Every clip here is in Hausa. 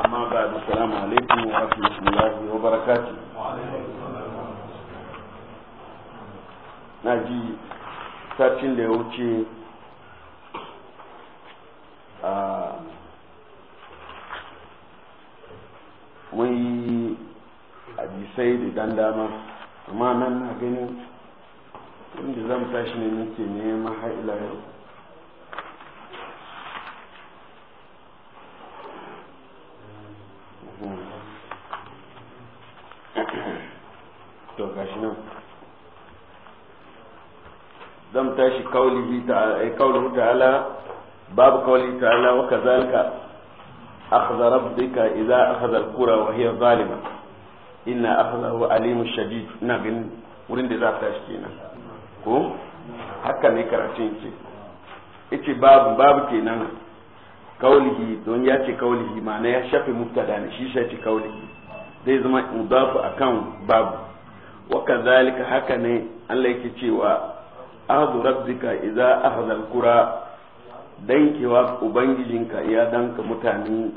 amma ba da salamu alaikum wa rahmatullahi wa barakatuh na ji satin da ya wuce a mun yi da dan dama amma nan na ganin inda zan tashi ne nake neman har yau zan tashi kaulihi eh, ta'ala babu ta ala wa kazalika akhadha rabbika idza akhadha al-qura wa hiya zalima inna akhadahu alimun shadid ina ganin wurin da za ta tashi kenan ko haka ne karatun ke yace babu babu kenan kaulihi don ya ce kaulihi ma'ana ya shafi mubtada ne shi shi ce kaulihi zai zama mudafu akan babu wa kazalika haka ne Allah yake cewa ahzu rabbika idza ahza alqura dankewa ubangijinka ya danka mutane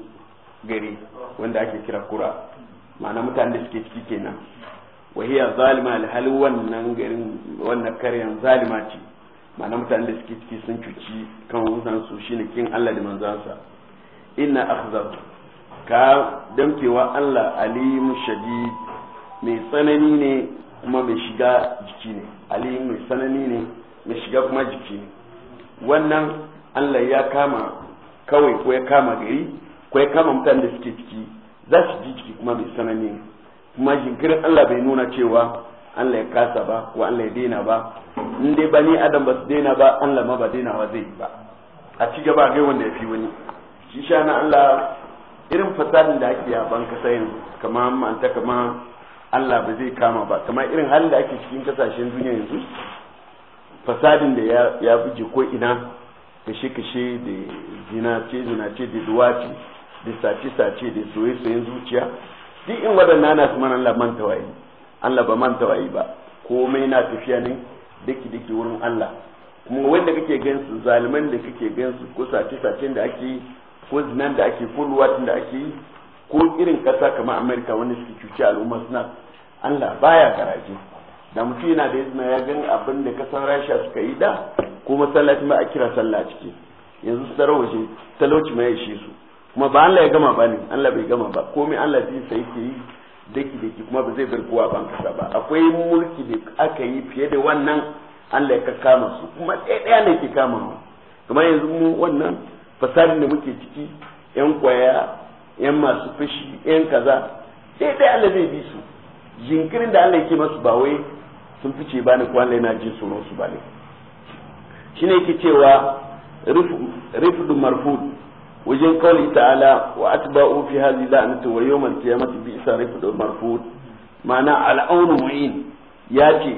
gari wanda ake kira kura ma'ana mutane da suke ciki kenan wa hiya zalima alhal wannan garin wannan karyan zalima ce ma'ana mutane da suke ciki sun cuci kan wutan su shine kin Allah da manzansa inna akhzahu ka dankewa Allah alim shadid mai tsanani ne kuma mai shiga jiki ne alim mai tsanani ne ya shiga kuma jiki wannan allah ya kama kawai ko ya kama gari ko ya kama mutane da suke ciki za su ji jiki kuma mai sanani kuma jinkirin allah bai nuna cewa allah ya kasa ba ko allah ya daina ba in dai ba ni adam ba su daina ba allah ma ba wa zai yi ba a ci gaba gai wanda ya fi wani shi sha na allah irin fasadin da ake a ban kasa yanzu kamar manta kamar Allah ba zai kama ba kamar irin halin da ake cikin kasashen duniya yanzu fasadin da ya buje ko ina kashe-kashe da zinace-zinace da duwaci da sace-sace da soye-soyen zuciya duk in waɗanda na su mana Allah manta waye Allah ba manta waye ba komai na tafiya ne daki daki wurin Allah kuma wanda kake gansu zaliman da kake gansu ko sace sace da ake yi ko zinan da ake ko ruwatin da ake yi ko irin kasa kamar Amerika wanda suke cuci al'umma suna Allah baya garaje da mutum yana da izina ya gani abin da kasan rasha suka yi da ko masallaci ma a kira sallah ciki yanzu su tarawa shi talauci ma ya ishe su kuma ba Allah ya gama ba ne Allah bai gama ba komai Allah zai sai ke yi daki daki kuma ba zai bar kowa ban kasa ba akwai mulki da aka yi fiye da wannan Allah ya kama su kuma ɗaya ne ke kama mu kamar yanzu mu wannan fasadin da muke ciki yan kwaya yan masu fashi yan kaza ɗaya Allah zai bi su jinkirin da Allah yake masu ba wai sun fice ba ni kwanle na jin tsoron su ba ne shi ne yake cewa rifdu marfud wajen kawai ta'ala wa atba'u fi hadhihi la'natu wa yawm al-qiyamati bi isa rifdu marfud ma'ana al'aunu mu'in ya ce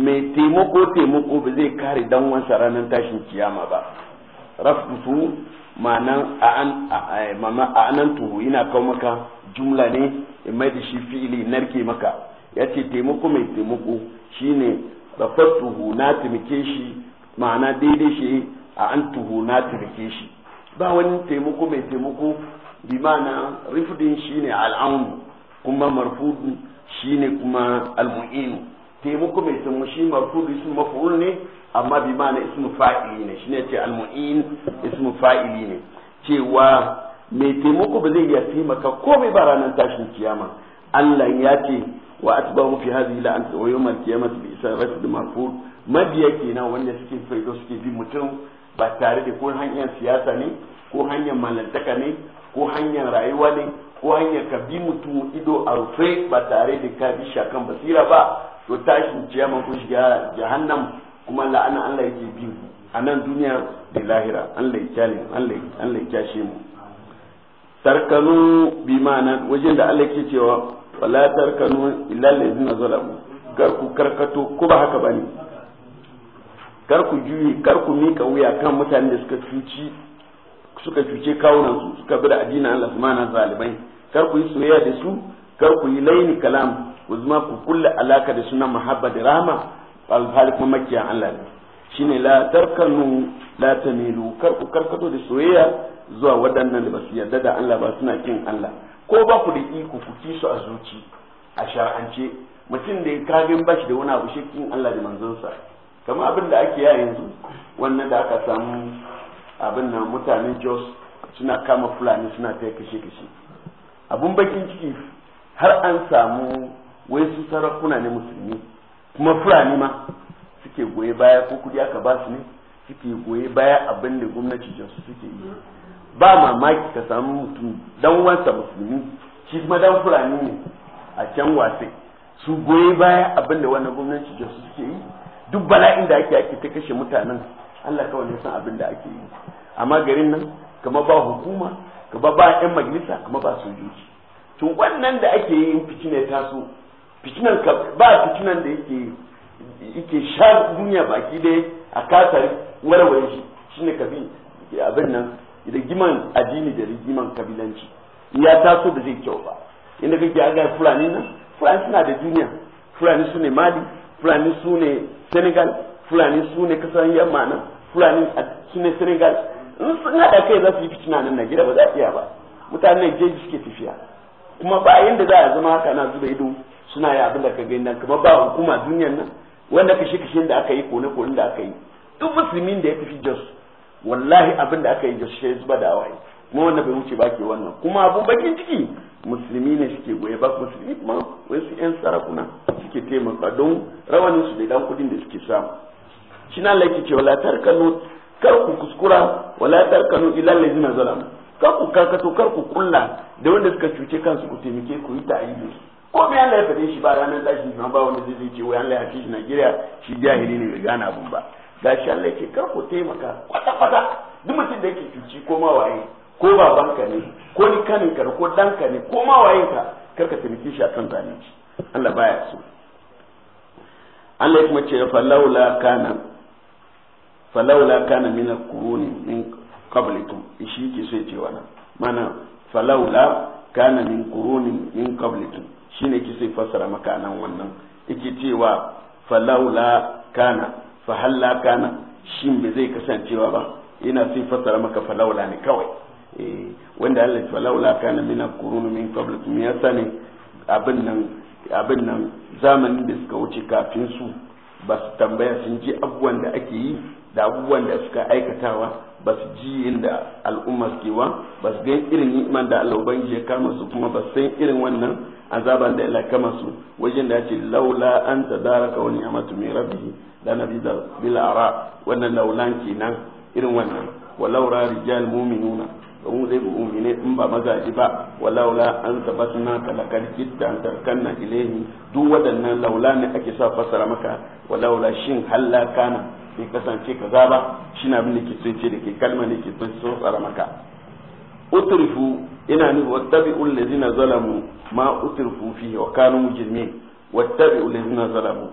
mai taimako taimako ba zai kare dan wansa ranar tashin kiyama ba rafdu ma'anan tuhu yana kawo maka jumla ne mai da shi fi'ili narke maka ya ce taimako mai taimako shine rafattuhu na taimake shi ma'ana daidai shi a an tuhu na taimake shi ba wani taimako mai taimako bi ma'ana shi shine al'aunu kuma shi shine kuma almu'inu taimako mai taimako shi marfudu ismu mafuru ne amma bi ma'ana ismu fa'ili ne shine ce almu'in ismu fa'ili ne cewa mai taimako ba zai iya taimaka komai ba ranar tashin kiyama Allah ya ce wa atbahu fi hadhihi la'an wa yawm al-qiyamati bi isarati al-mafur mabiya kenan wanda suke faido suke bi mutum ba tare da ko hanyar siyasa ne ko hanyar malantaka ne ko hanyar rayuwa ne ko hanyar ka bi mutum ido a ba tare da ka bi shakan basira ba to tashin ciyama ko shiga jahannam kuma la an Allah yake bi a nan duniya da lahira Allah ya kyale Allah ya kyashe mu tarkanu bi ma'ana wajen da Allah yake cewa wala tarkanu illa allazina zalamu gar ku karkato ko ba haka bane gar ku juyi gar ku mika wuya kan mutane da suka cuci suka cuce kawunan su suka bi da addini Allah na zalibai gar ku yi soyayya da su gar ku yi laini kalam ku zama ku kulla alaka da sunan mahabba da rahama halik kuma makiya Allah shine la tarkanu la tamilu kar ku karkato da soyayya zuwa waɗannan da basu yarda da Allah ba suna kin Allah ko ba ku da iko ku ci su a zuci a shar'ance mutum da ya kagin bashi da wani abu shekin Allah da manzonsa kamar abin da ake ya yanzu wannan da aka samu abin nan mutanen Jos suna kama fulani suna ta kashe kashe abun bakin ciki har an samu wai su sarakuna ne musulmi kuma fulani ma suke goye baya ko kudi aka ba su ne suke goye baya abin da gwamnati Jos suke yi ba mamaki ka samu mutum dan wansa musulmi shi kuma dan fulani ne a can wasai su goyi baya abin wannan gwamnati da su suke yi duk bala'in da ake ake ta kashe mutanen Allah kawai ne san abin ake yi amma garin nan kama ba hukuma kamar ba yan majalisa kama ba sojoji to wannan da ake yi in fitina ta so fitinan ba fitinan da yake yake sha duniya baki dai a kasar warware shi shine kabi abin nan rigiman addini da rigiman kabilanci ya taso da zai kyau ba inda kake ga fulani nan fulani suna da duniya fulani su ne mali fulani su ne senegal fulani su ne kasar yamma nan fulani su ne senegal in sun hada kai za su yi fitina nan na gida ba za iya ba mutanen jeji suke tafiya kuma ba yanda za a zama haka na zuba ido suna yi abin da ka gani nan kuma ba hukuma duniyan nan wanda kashe kashen da aka yi kone kone da aka yi duk musulmin da ya tafi jos wallahi abin da aka yi shi zuba da awaye kuma wanda bai wuce ba ke wannan kuma abun bakin ciki musulmi ne suke goye ba musulmi kuma wai su yan sarakuna suke taimaka don rawanin su da dan kudin da suke samu shi na laiki ce wala tarkanu kar ku kuskura wala tarkanu ila allazina zalamu kar ku karkato kar ku kulla da wanda suka cuce kansu ku taimake ku yi ta'ayyu ko me Allah ya fade shi ba ranar tashi ba wani zai ce wai Allah ya fi shi Najeriya shi jahili ne bai gane abun ba shi Allah yake kar ku taimaka kwata kwata duk mutum da yake cuci ko ma waye ko babanka ne ko ni kanin ka ko danka ne ko ma waye ka kar ka taimake shi akan zalunci Allah baya so Allah kuma ce laula kana laula kana min al-quruni min qablikum eh, shi yake so ya ce wannan mana laula kana min qurunin min qablikum shine ke sai fassara maka nan wannan yake cewa laula kana fa na shin bai zai kasancewa ba ina sai fassara maka laula ne kawai eh, wanda Allah falaula kana min al-qurun min ya sani abin nan abin nan zamanin da suka wuce kafin su ba su tambaya sun ji abubuwan da ake yi da abubuwan da suka aikatawa ba su ji inda al'umma suke wa ba su gan irin ni'imar da Allah ubangiji ya kama su kuma ba su san irin wannan azaban da Allah kama su wajen da ya ce laula an tadaraka wani ni'matu min rabbih da nabi bil ara wannan launan kenan irin wannan walau ra rijal mu'minuna domin zai bi umine in ba mazaji ba walaula an sabatna kalakar jiddan tarkanna ilaihi duk waɗannan laula ne ake sa fasara maka walaula shin halla kana bai kasance kaza ba shine abin da ke so ce da ke kalma ne ke so tsara maka utrifu ina nufi wattabi'u allazina zalamu ma utrifu fihi wa kanu mujrimin wattabi'u allazina zalamu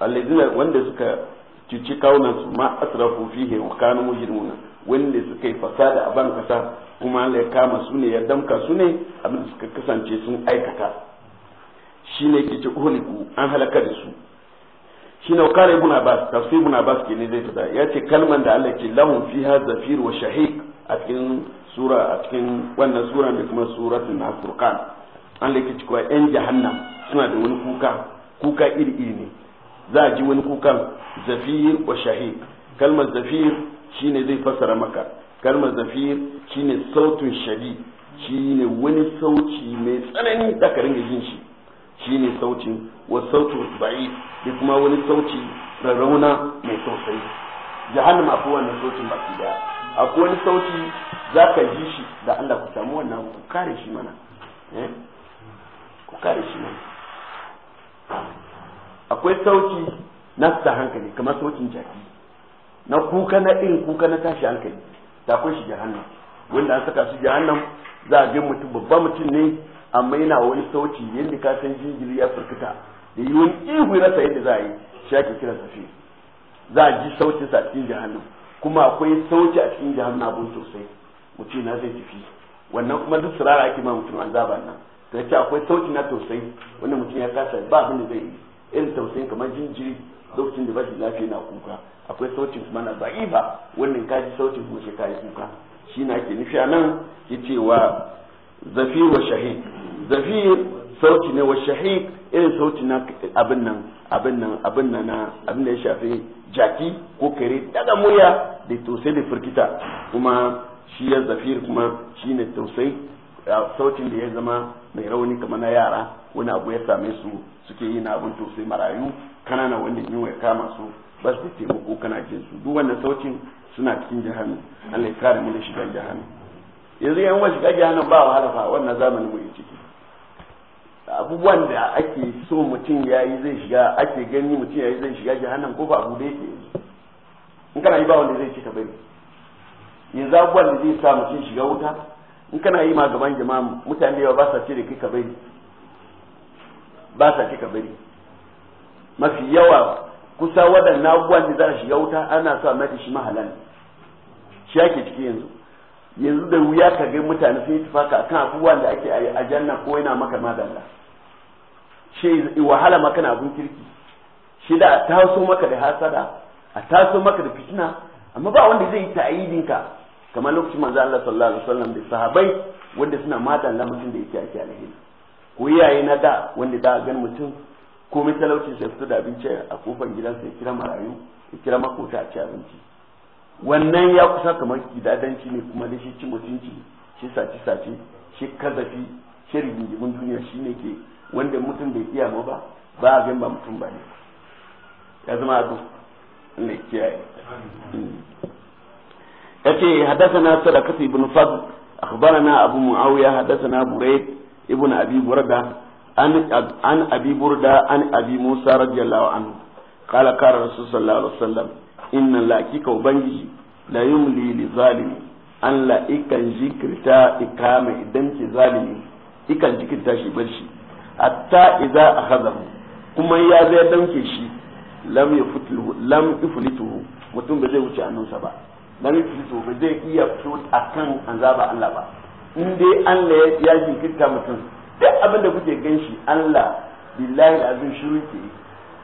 allazina wanda suka cuci kawunan su ma asrafu fihi wa kanu mujrimuna wanda suka yi fasada a ban kasa kuma Allah ya kama su ne ya damka su ne abin da suka kasance sun aikata shine ke ce uhliku an halaka da su shine kare ibn Abbas tafsir ibn Abbas ke ne zai fada yace kalman da Allah ke lahum fiha zafir wa shahiq a cikin sura a cikin wannan sura da kuma suratul nasr kan an lake cewa yan jahannam suna da wani kuka kuka iri iri ne za a ji wani kukan zafir wa shahid kalmar zafir shine zai fassara maka kalmar zafir shine sautun shadi shine wani sauci mai tsanani da ka ringa jin shi shine sautin wa sautu ba'i da kuma wani sauci rarrauna mai sosai jahannama akwai wannan sautin baki daya akwai wani sauti za ka ji shi da Allah ku samu wannan ku kare shi mana eh? ku kare shi mana akwai sauki na sa hankali kamar saukin jaki na kuka na irin kuka na tashi hankali ta akwai shi jahannam wanda an saka shi jahannam za a ga mutum babban mutum ne amma yana wani sauki, yadda ka san jinjiri ya firkita da yi wani ihu rasa yadda za a yi shi ake kira safi za a ji sauki sa cikin jahannam kuma akwai sauki a cikin jahannam abun sosai mutum na zai tafi wannan kuma duk sirara ake ma mutum azaba nan to ce akwai sauki na sosai wanda mutum ya kasa ba abin da zai yi irin tausayin kamar jinjiri lokacin da bashi lafiya na kuka akwai sautin kuma na ba wannan kaji sautin kuma sai kayi kuka shi na ke nufi a nan ya ce wa zafi wa shahid zafi sauti ne wa shahid irin sauti na abin nan abin nan abin nan abin da ya shafi jaki ko kare daga murya da tausayi da firkita kuma shi ya zafi kuma shi ne tausayi sautin da ya zama mai rauni kamar na yara wani abu ya same su suke yi na abin to sai marayu kanana wanda yunwa ya kama su ba su taimako kana jin su duk wannan saucin suna cikin jahannu. Allah ya kare mu da shigar jahannu yanzu yan wa shiga jahannu ba wahala fa wannan zamanin mu ciki abubuwan da ake so mutum ya yi zai shiga ake gani mutum ya yi zai shiga jahannan ko ba abu da yake yanzu in kana yi ba wanda zai ci ka bari yanzu abubuwan da zai sa mutum shiga wuta in kana yi ma gaban jama'a mutane yawa ba sa ce da kai ka bari ba sa cika bari mafi yawa kusa waɗannan abubuwan da za a shiga wuta ana sa mata shi mahalan shi ake ciki yanzu yanzu da wuya ka ga mutane sun yi tufaka akan abubuwan da ake a janna ko yana maka madalla shi wahala maka na abun kirki shi da a taso maka da hasada a taso maka da fitina amma ba wanda zai yi ta'ayidinka. ka kamar lokacin manzo Allah sallallahu alaihi wasallam da sahabbai wanda suna madalla mutum da yake ake alheri ko iyaye na da wanda da gan mutum komai talauci sai fito da abinci a kofar gidansa sai kira marayu ya kira makota a ci abinci wannan ya kusa kamar kidadanci ne kuma da shi ci mutunci shi sace sace shi kazafi shi rigingimin duniya shi ne ke wanda mutum bai iya ma ba ba a gan ba mutum ba ne ya zama abu ne kiyaye yace حدثنا ibn fadl akhbarana abu muawiya haddasa na بريد ibn abi burda an an abi burda an abi musa radiyallahu anhu qala qala rasul sallallahu alaihi wasallam inna laqika ubangiji la yumli li zalimi an la ikan jikirta ikama idan ki zalimi ikan jikirta shi bar shi hatta idza akhadahu kuma ya zai danke shi lam yafutluhu lam yuflituhu mutum bai zai wuce annunsa ba lam yuflituhu bai zai iya fito akan azaba Allah ba in dai Allah ya ya jinkirta mutum duk abin da kuke ganshi Allah billahi azim shiru ke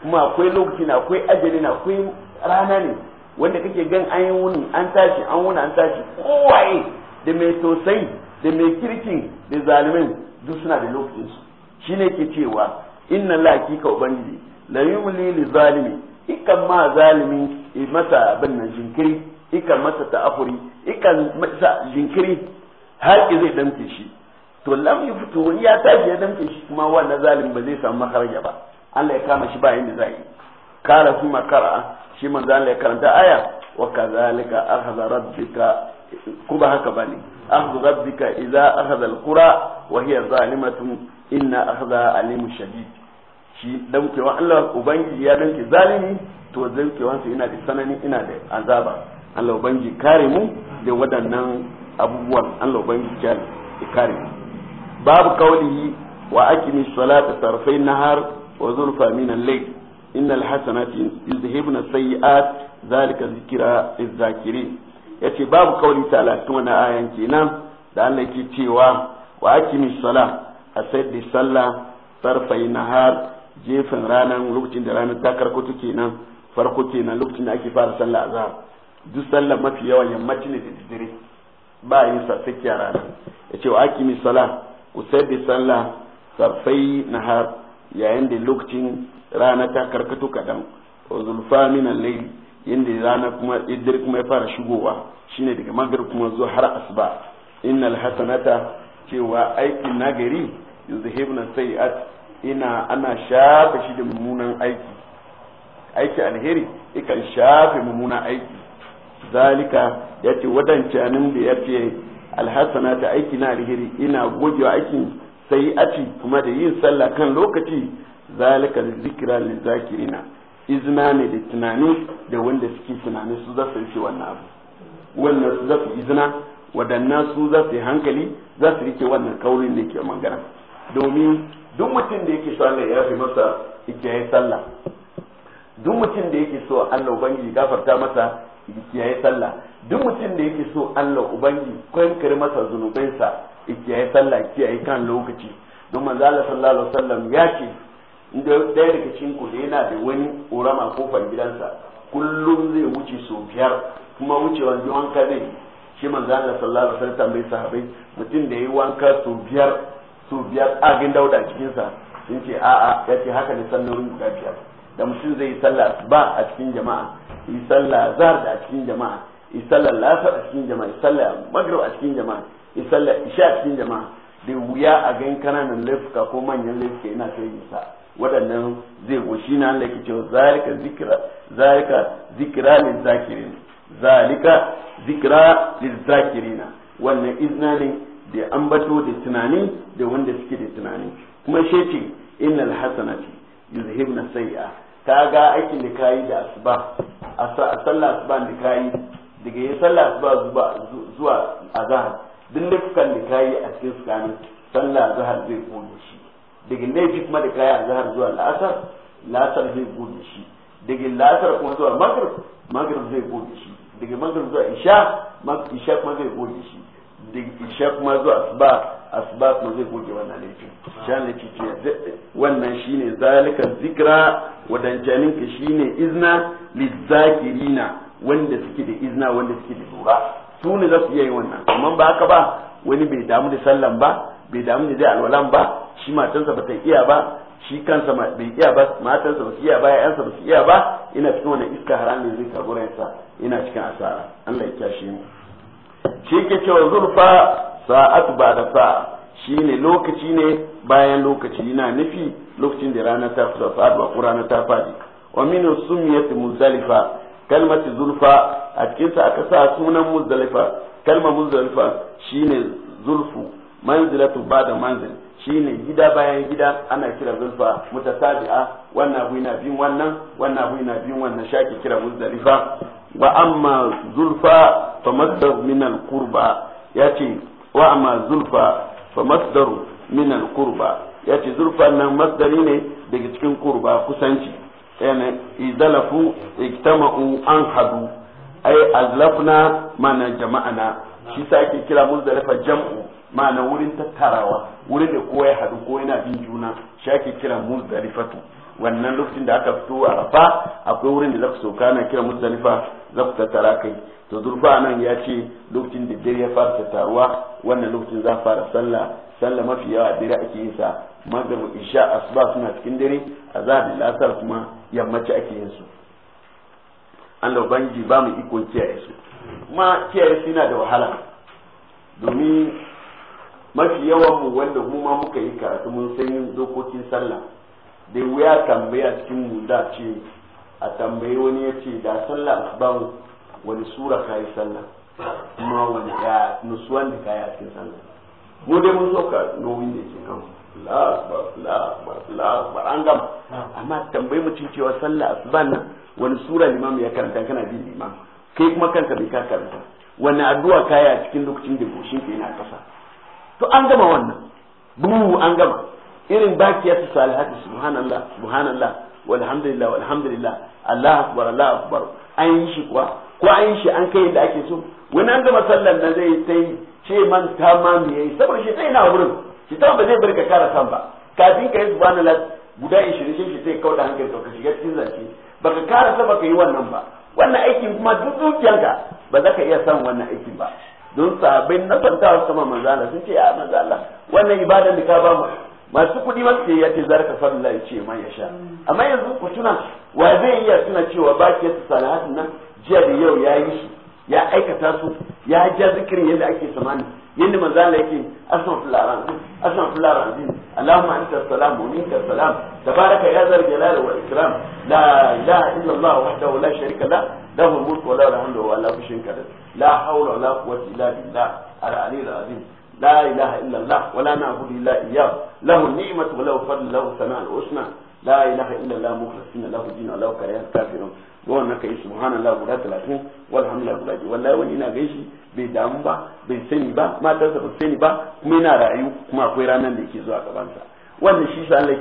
kuma akwai lokaci na akwai ajali na akwai rana ne wanda kake gan an yi wuni an tashi an wuni an tashi kowaye da mai tosai da mai kirkin da zalimin duk suna da lokacin su shine ke cewa inna la hakika ubangiji la yumli li zalimi ikan ma zalimi masa abin nan jinkiri ikan masa ta'afuri ikan masa jinkiri har ki zai damke shi to lam yuftu wani ya tashi ya damke shi kuma wannan zalim ba zai samu makaraja ba Allah ya kama shi ba yanda zai yi kara kuma kara shi manzo Allah ya karanta aya wa kadhalika akhadha rabbika ko ba haka bane akhdhu rabbika idza akhadha alqura wa hiya zalimatun inna akhadha alimun shadid shi damkewa Allah ubangiji ya danke zalimi to zan dankewansa ina da sanani ina da azaba Allah ubangiji kare mu da waɗannan abubuwan Allah ubangiji ya kare babu kaulihi wa aqimi salata tarfai nahar wa zulfa min al-layl innal hasanati yuzhibna sayyi'at zalika zikra liz yace babu kauli ta'ala cikin wannan ayan kenan da Allah yake cewa wa aqimi salah a sayar sallah tarfai nahar jefin ranar lokacin da ranar ta kenan farko kenan lokacin da ake fara sallah azhar duk sallah mafi yawan yammaci ne da dare ba yi sa a rana ya ce wa akimi sala ku sai sallah na har yayin da lokacin rana ta karkato kadan wa zulfa minan laili inda rana kuma idir kuma ya fara shigowa shine daga magar kuma zuwa har asuba innal hasanata cewa aikin nagari yuzhibna sayiat ina ana shafe shi da mummunan aiki aiki alheri ikan shafe mummunan aiki zalika ya ce wadancanin da ya fiye alhassana ta aiki na alheri ina gogewa aikin sai aci kuma da yin sallah kan lokaci zalika zikira zakirina izina ne da tunani da wanda suke tunani su za su rike wannan abu wannan su za su izina waɗannan su za su yi hankali za su rike wannan kaurin da ke magana domin duk mutum da yake so Allah ya fi masa ya yi sallah duk mutum da yake so Allah ubangiji gafarta masa kiyaye sallah duk mutum da yake so Allah ubangi kwankare masa zunubansa kiyaye sallah kiyaye kan lokaci don manzo Allah sallallahu alaihi wasallam ya ce inda daya daga cikin ku yana da wani ƙorama kofar gidansa kullum zai wuce so biyar kuma wucewa ji wanka zai shi manzo Allah sallallahu alaihi wasallam bai sahabbai mutum da yayi wanka so biyar so biyar agin dauda cikin sa sun ce a'a yace haka ne sannan guda biyar da mutum zai yi sallah ba a cikin jama'a yi sallah zahar da a cikin jama'a yi sallah lasar a cikin jama'a yi sallah magrib a cikin jama'a yi sallah isha a cikin jama'a da wuya a gan kananan laifuka ko manyan laifuka ina kai sa waɗannan zai goshi na Allah yake cewa zalika zikra zalika zikra lil zakirin zalika zikra lil zakirina wannan izna ne da ambato da tunani da wanda suke da tunani kuma shi ce innal hasanati yuzhibna sayi'a ka ga aikin da kayi da asuba a sallah asuba da kayi daga yin sallah asuba zuwa azhar duk laifukan da kayi a cikin sukani sallah zahar zai gode shi daga laifi kuma da kayi zahar zuwa la'asar lasar zai gode shi daga lasar kuma zuwa maghrib maghrib zai gode shi daga maghrib zuwa isha isha kuma zai gode shi da isha kuma zuwa asba asba kuma zai goge wannan laifin ah. shan laifi ce wannan shine zalika zikra wadancanin ka shine izna lizakirina wanda suke da izna wanda suke da lura su ne za su iya yin wannan amma ba haka ba wani bai damu da sallan ba bai damu da alwalan ba shi matansa ba ta iya ba shi kansa bai iya ba matansa ba su iya ba yayansa ba su iya ba ina cikin wannan iska haram ne zai kaguransa ina cikin asara Allah ya kyashe mu shi ke cewa zurfa sa'at ba da sa'a shi ne lokaci ne bayan lokaci na nufi lokacin da rana ta fito ba ko rana ta fadi wa min sumiyat muzdalifa kalmati zulfa a cikin sa aka sa sunan muzdalifa kalma muzdalifa shine zulfu manzilatu bada manzil shine gida bayan gida ana kira zulfa mutasabi'a wannan abu yana bin wannan wannan abu yana bin wannan shaki kira muzdalifa wa amma zulfa fa masdar min al qurba yace wa amma zulfa fa masdar min al qurba yace zulfa nan masdari ne daga cikin qurba kusanci yana izalafu iktama'u an hadu ai azlafna mana jama'ana shi sa ake kira muzdalifa jam'u ma'ana wurin tattarawa wurin da kowa ya hadu ko yana bin juna shi ake kira muzdalifatu wannan lokacin da aka fito a rafa akwai wurin da za ku na kira musdalifa za ku tattara kai to zurfa nan ya ce lokacin da dare ya fara tattaruwa wannan lokacin za fara sallah sallah mafi yawa a dare ake yin sa magrib isha asuba suna cikin dare azhar da lasar kuma yammaci ake yin su Allah ubangiji ba mu ikon kiyaye su kuma kiyaye su yana da wahala domin mafi yawan mu wanda mu ma muka yi karatu mun san dokokin sallah dai wuya tambaya cikin mu da ce a tambayi wani ya ce da sallah asban wani sura ka yi sallah kuma wani ya nusuwan da a cikin sallah mu dai mun soka nomin da ke kan la an gama amma tambayi mutum cewa sallah asban nan wani sura limam ya karanta kana bin limam kai kuma kanka bai ka karanta wani addu'a kaya cikin lokacin da goshin ka yana kasa to an gama wannan buru an gama irin bakiyatu salihati subhanallah subhanallah walhamdulillah walhamdulillah Allah akbar Allah akbar an yi shi kuwa ko an yi shi an kai da ake so wani an gama sallar da zai ta ce man ta ma me yayi saboda shi sai na wurin shi ta ba zai bar ka kara san ba kafin ka yi subhanallah guda 20 shi sai kawo da hankali ka shiga cikin zance baka kara sa baka yi wannan ba wannan aikin kuma duk dukiyanka ba za ka iya san wannan aikin ba don sahabbai na fantawa sama manzala sun ce ya manzala wannan ibadan da ka ba mu masu kuɗi ba ya ce zarka fadla ya ce ma ya sha amma yanzu ku tuna wa zai iya tuna cewa ba ke su salihatin nan jiya da yau ya yi su ya aikata su ya ja zikirin yadda ake samani yadda manzala yake asan fularan asan fularan din allahumma anta salam wa minka salam tabaraka ya zal jalal wal ikram la ilaha illa allah wahdahu la sharika la lahu mulku wa lahu alhamdu wa la kullin la hawla wa la quwwata illa billah al aliyyil azim لا إله إلا الله ولا نعبد إلا إياه له النعمة guda talatin walhamdulillah guda gaishi bai damu ba bai sani ba matarsa ba sani kuma yana rayu kuma akwai ranar da yake zuwa gabansa wannan shi sa Allah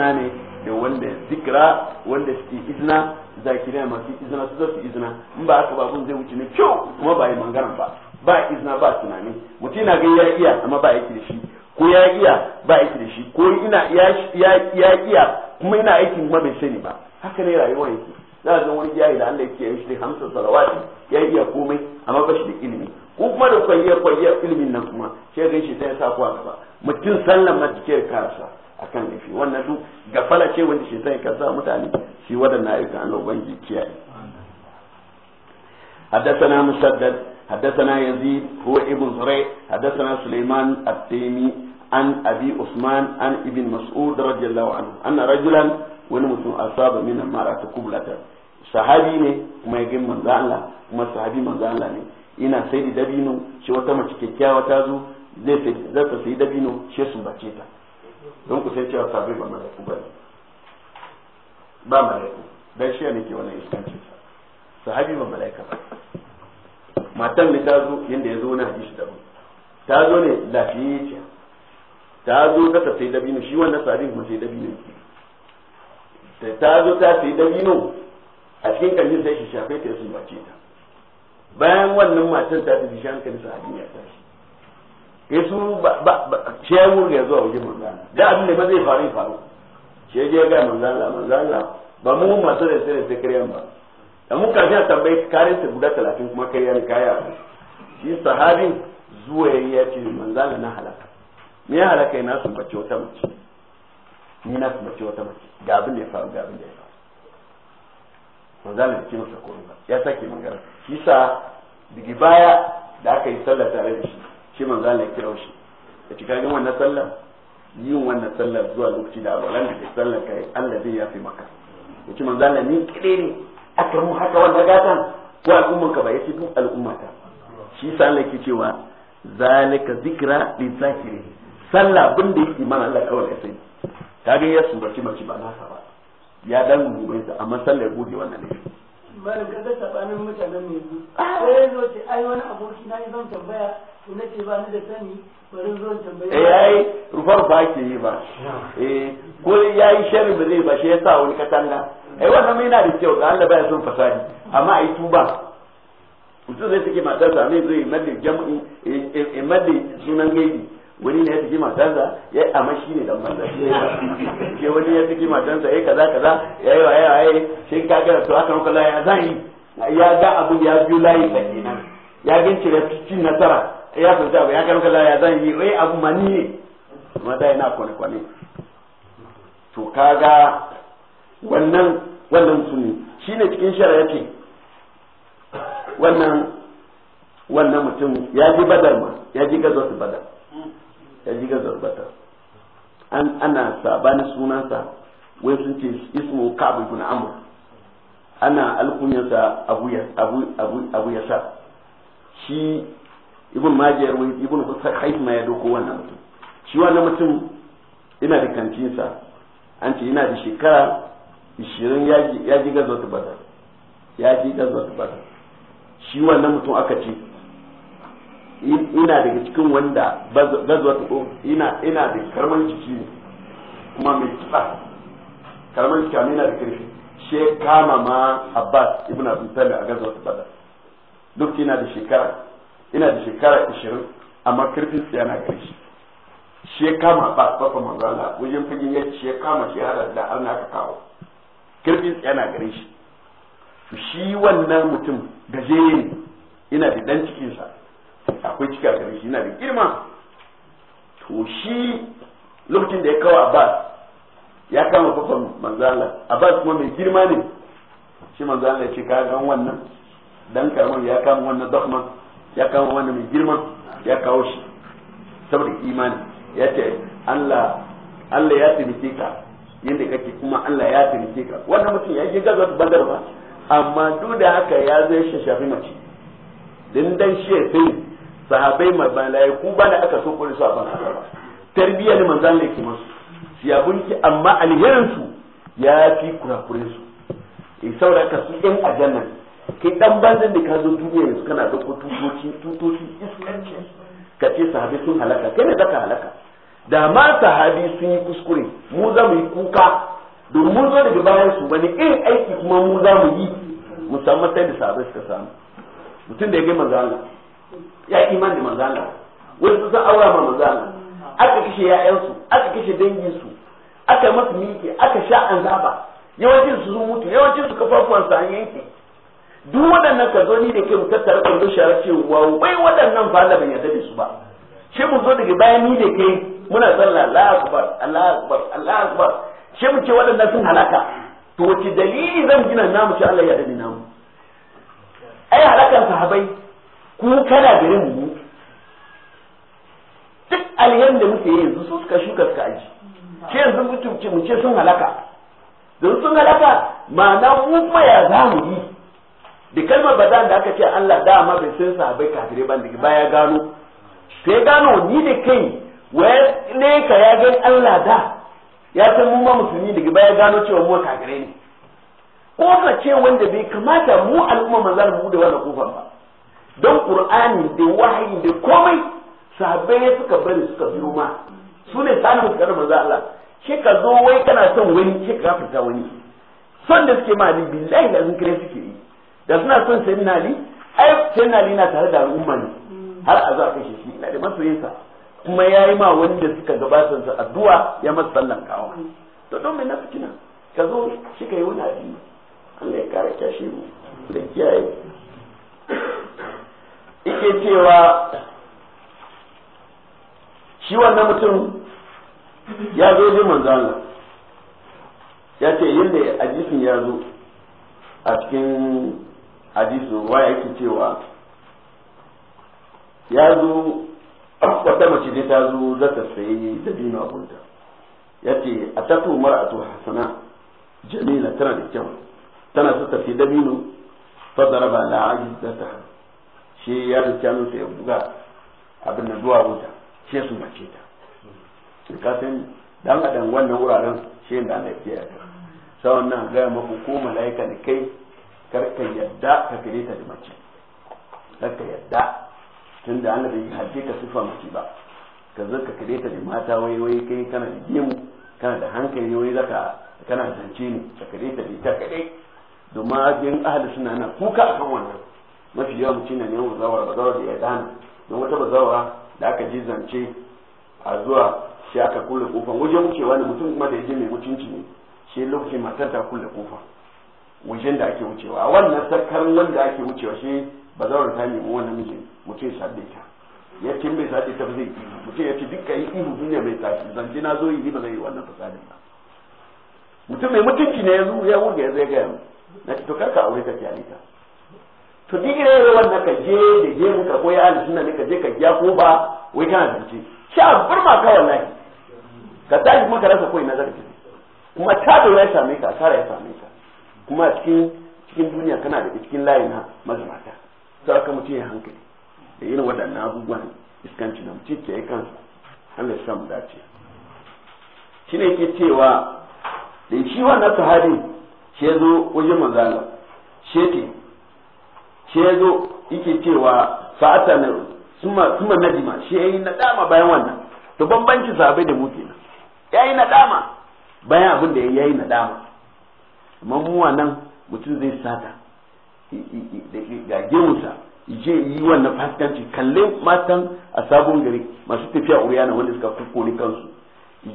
ne da zikra wanda suke izna zakiriya masu izina su zasu izina in ba haka ba zai wuce ne kyau kuma ba yi mangaran ba ba izina ba tunani mutum na ga ya iya amma ba aiki da shi ko ya iya ba aiki da shi ko ina ya iya kuma ina aiki kuma bai sani ba haka ne rayuwar yake za a zan wani da Allah yake yin shi da hamsin salawati ya iya komai amma ba shi da ilimi ko kuma da kwalliya kwalliya ilimin nan kuma sai ga shi sai ya sa ku a gaba mutum sallan ma jike karasa Ka kan da shi wannan duk. gafala ce wanda wani shi ta yi mutane, shi waɗannan ayyukan a na yi ban jikiya. A dasa na Musa d. A dasa na yanzu Suleiman Abdullahi, an Abiy Usman, an masud Mas'u, darajar lawan. An na rajulayen wani mutum a saba min ma'arata kuburata. Sahabi ne kuma yake mun Allah, kuma sahabi mun Allah ne. Ina saidi Dabino, cewa ta mace kyakkyawa ta zu, zai ta sayi Dabino shi ya bace ta. don ku san cewa sabai ba malaku ba ne ba malaku dan shi ne ke wannan iskancin sa sahabi ba malaika ba matan ne ta zo yanda ya zo na hadisi da ta zo ne lafiyayya ta zo ta sai dabino shi wannan sahabi kuma sai dabino da ta zo ta sai dabino a cikin kanjin sai shi shafe ta sun bace ta bayan wannan matan ta tafi shi hankalin sahabi ya tashi ya su shi ya wurga zuwa wajen manzana da abin da ba zai faru faru shi ya je ga manzana manzana ba mu masu da sai sai kariyan ba da mu kafin a tambayi kare ta guda talatin kuma kariya karyan kaya shi sahabin zuwa ya ce manzana na halaka me ya halaka na sun bace wata mace ni na sun bace wata mace ga abin da ya faru ga abin da ya faru manzana ya ce masa koruwa ya sake magana shi sa daga baya da aka yi sallah tare da shi shi man za ya kira shi da ci kaga wannan sallah yin wannan sallah zuwa lokaci da alwalan da ke sallah kai Allah zai yafi maka ya ci manzo ne ni kire ne a mu haka wannan gatan ko al'umman ka ba yace duk ta, shi sallah ke cewa zalika zikra li zakiri sallah bin da yake mana Allah kawai sai ka ga ya surace mace ba nasa ba ya dan gobe amma sallah ya gode wannan ne malam kaga sabanin mutanen ne yanzu ah. sai zo ce ai wani aboki na zan tambaya da eh, yi ba eh ko yayi sharri ba zai ba shi yasa wani katanga eh wannan mai na da kyau ga Allah baya son fasadi amma ai tuba mutum zai take matarsa madde jam'i sunan wani ne ya saki matansa ya yi amma shi ne dan manza ke wani ya saki matansa ya kaza kaza ya yi wa ya yi shi ka gara to aka maka ya zan ya ga abu ya biyu layi da kenan ya gince da cin nasara ya fita abu ya kanuka maka ya zan yi wai abu mani ne kuma da yana kwane kwane to ga wannan wannan sunni shine cikin shara ce wannan wannan mutum ya ji badar ma ya ji gazo badar ya ji ga zarbata an ana sabani sunansa wai sun ce ismu ka'ab ibn amr ana alkunyansa abu ya abu abu abu sa shi ibn majiyar wai ibn haif ma ya doko wannan mutum shi wannan mutum ina da kantinsa an ce ina da shekara 20 ya ji gazwatu badar ya ji gazwatu badar shi wannan mutum aka ce ina daga cikin wanda gazuwa ta ko ina ina da karaman jiki ne kuma mai kitsa karaman jiki amma ina da karfi she kama ma Abbas ibn abu Talib a gazuwa ta bada duk ina da shekara ina da shekara 20 amma karfin sa yana karshe she kama Abbas bafa manzo wajen fagen yadda she kama shi har da na ka kawo karfin sa yana gare shi shi wannan mutum gajere ina da dan cikinsa sa akwai a kare shi yana da girma to shi lokacin da ya kawo abbas ya kama kafan manzala abbas kuma mai girma ne shi manzala ya ce ka gan wannan dan karamin ya kama wannan dokman ya kama wannan mai girma ya kawo shi saboda imani ya ce allah allah ya taimake ka yadda kake kuma allah ya taimake ka wannan mutum ya ke gaza bandar ba amma duk da haka ya zai shafi mace dan dan shi ya sai sahabai mabalai ku ba da aka so kore su a ban tarbiyya ne manzo Allah yake musu siyabunki amma alherin su ya fi kurakure su in eh, saboda su yan ajanna kai dan banzan da ka zo duniya yanzu kana dauko tutoci tutoci iskanci ka ce sahabi sun halaka kai ne zaka halaka da ma sahabi sun yi kuskure mu za mu yi kuka domin mun zo daga bayan su wani irin aiki kuma mu za mu yi musamman sai da sahabai suka samu mutum da ya gai manzo ya iman da manzo Allah wasu sun aura ma manzo Allah aka kashe ya'yansu aka kashe danginsu aka masu miki aka sha azaba yawancin su sun mutu yawancin su kafafuwan su an yanke duk waɗannan ka zo ni da ke mu tattara kwallo shara wa wai waɗannan ba Allah ban yarda da su ba she mu zo daga bayan ni da ke muna sallah Allahu akbar Allahu akbar Allahu akbar shi mu ce waɗannan sun halaka to wace dalili zan gina namu shi Allah ya dade namu ai halakan sahabai ko kana garin mu duk aliyan da muke yi yanzu sun suka shuka suka aji ce yanzu ce mu ce sun halaka don sun halaka ma'ana mu kuma ya za mu yi da kalmar badan da aka ce Allah dama bai san sahabbai kafire ban da baya gano sai gano ni da kai waye ne ka ya gani Allah da ya san mu ma musulmi daga baya gano cewa mu kafire ne ko ka ce wanda bai kamata mu al'umma za mu da wannan kofar ba don qur'ani da wahayi da komai sahabbai ne suka bari suka biyo ma su ne sani muka manzo Allah shi ka zo wai kana son wani shi ka fita wani son da suke ma ni billahi da zinkire suke yi da suna son sayyidina ali ai sayyidina ali na tare da al'umma ne har a zo a kashe shi ina da masoyinsa kuma ya yi ma wanda suka gabatar sa addu'a ya masa sallan kawo to don me na fitina ka zo shi ka yi wani addini Allah ya kare kyashe mu da kiyaye yake cewa shi wannan mutum ya zo ne manzo Allah ya ce yadda hadisin ya zo a cikin hadisin wa yake cewa ya zo wata mace ne ta zo za ta sayi da dino abunta ya ce a tafi mar'atu hasana jamila tana da kyau tana so tafi fi dabino fa daraba la'ajizataha shi ya da hannunsa ya buga abin da zuwa wuta shi su mace ta kafin dan adam wannan wuraren ce da Allah ya ta sawan nan ga maku ko malaika ne kai karka yadda ka kire ta da mace karka yadda da Allah bai hadde ka sifa mace ba ka zo ka kire ta da mata wai wai kai kana da gemu kana da hankali wai zaka kana zance ne ka kire ta da ita kadai domin ajin ahli suna na kuka akan wannan mafi yawan mutum na neman bazawara bazawara da ya dana don wata bazawara da aka ji zance a zuwa shi aka kulle kofan wajen wucewa ne mutum kuma da ya je mai mutunci ne sai lokacin matar ta kulle kofa wajen da ake wucewa a wannan sakar wanda ake wucewa shi bazawara ta nemi wannan mijin mutum ya sadde ta ya ce bai sace ta zai yi mutum ya ce dukka yi ihu duniya mai tashi zance na zo yi ba zai yi wannan fasadin ba mutum mai mutunci ne ya zo ya wurga ya zai gaya na ce to karka aure ta kyale ta to duk irin wanda ka je da je mu ka koyi ahli sunna ne ka je ka giya ko ba wai kana zance a burma ka wallahi ka tashi kuma ka rasa koyi na zaka kuma ta da ya same ka asara ya same ka kuma cikin cikin duniya kana da cikin layin na mazmata to aka mutum ya hankali da irin waɗannan abubuwan iskanci na mutum ke kan Allah ya samu dace ne ke cewa da shi wannan sahabi shi ya zo wajen manzala shi shi ya zo yake cewa fa'ata na suma suma najima shi yi nadama bayan wannan to bambanci sabai da mu kenan yi nadama bayan abin da ya yi nadama amma mu wannan mutum zai sata ga gemusa je yi wannan fasikanci kalle matan a sabon gari masu tafiya uriyana wanda suka kukkone kansu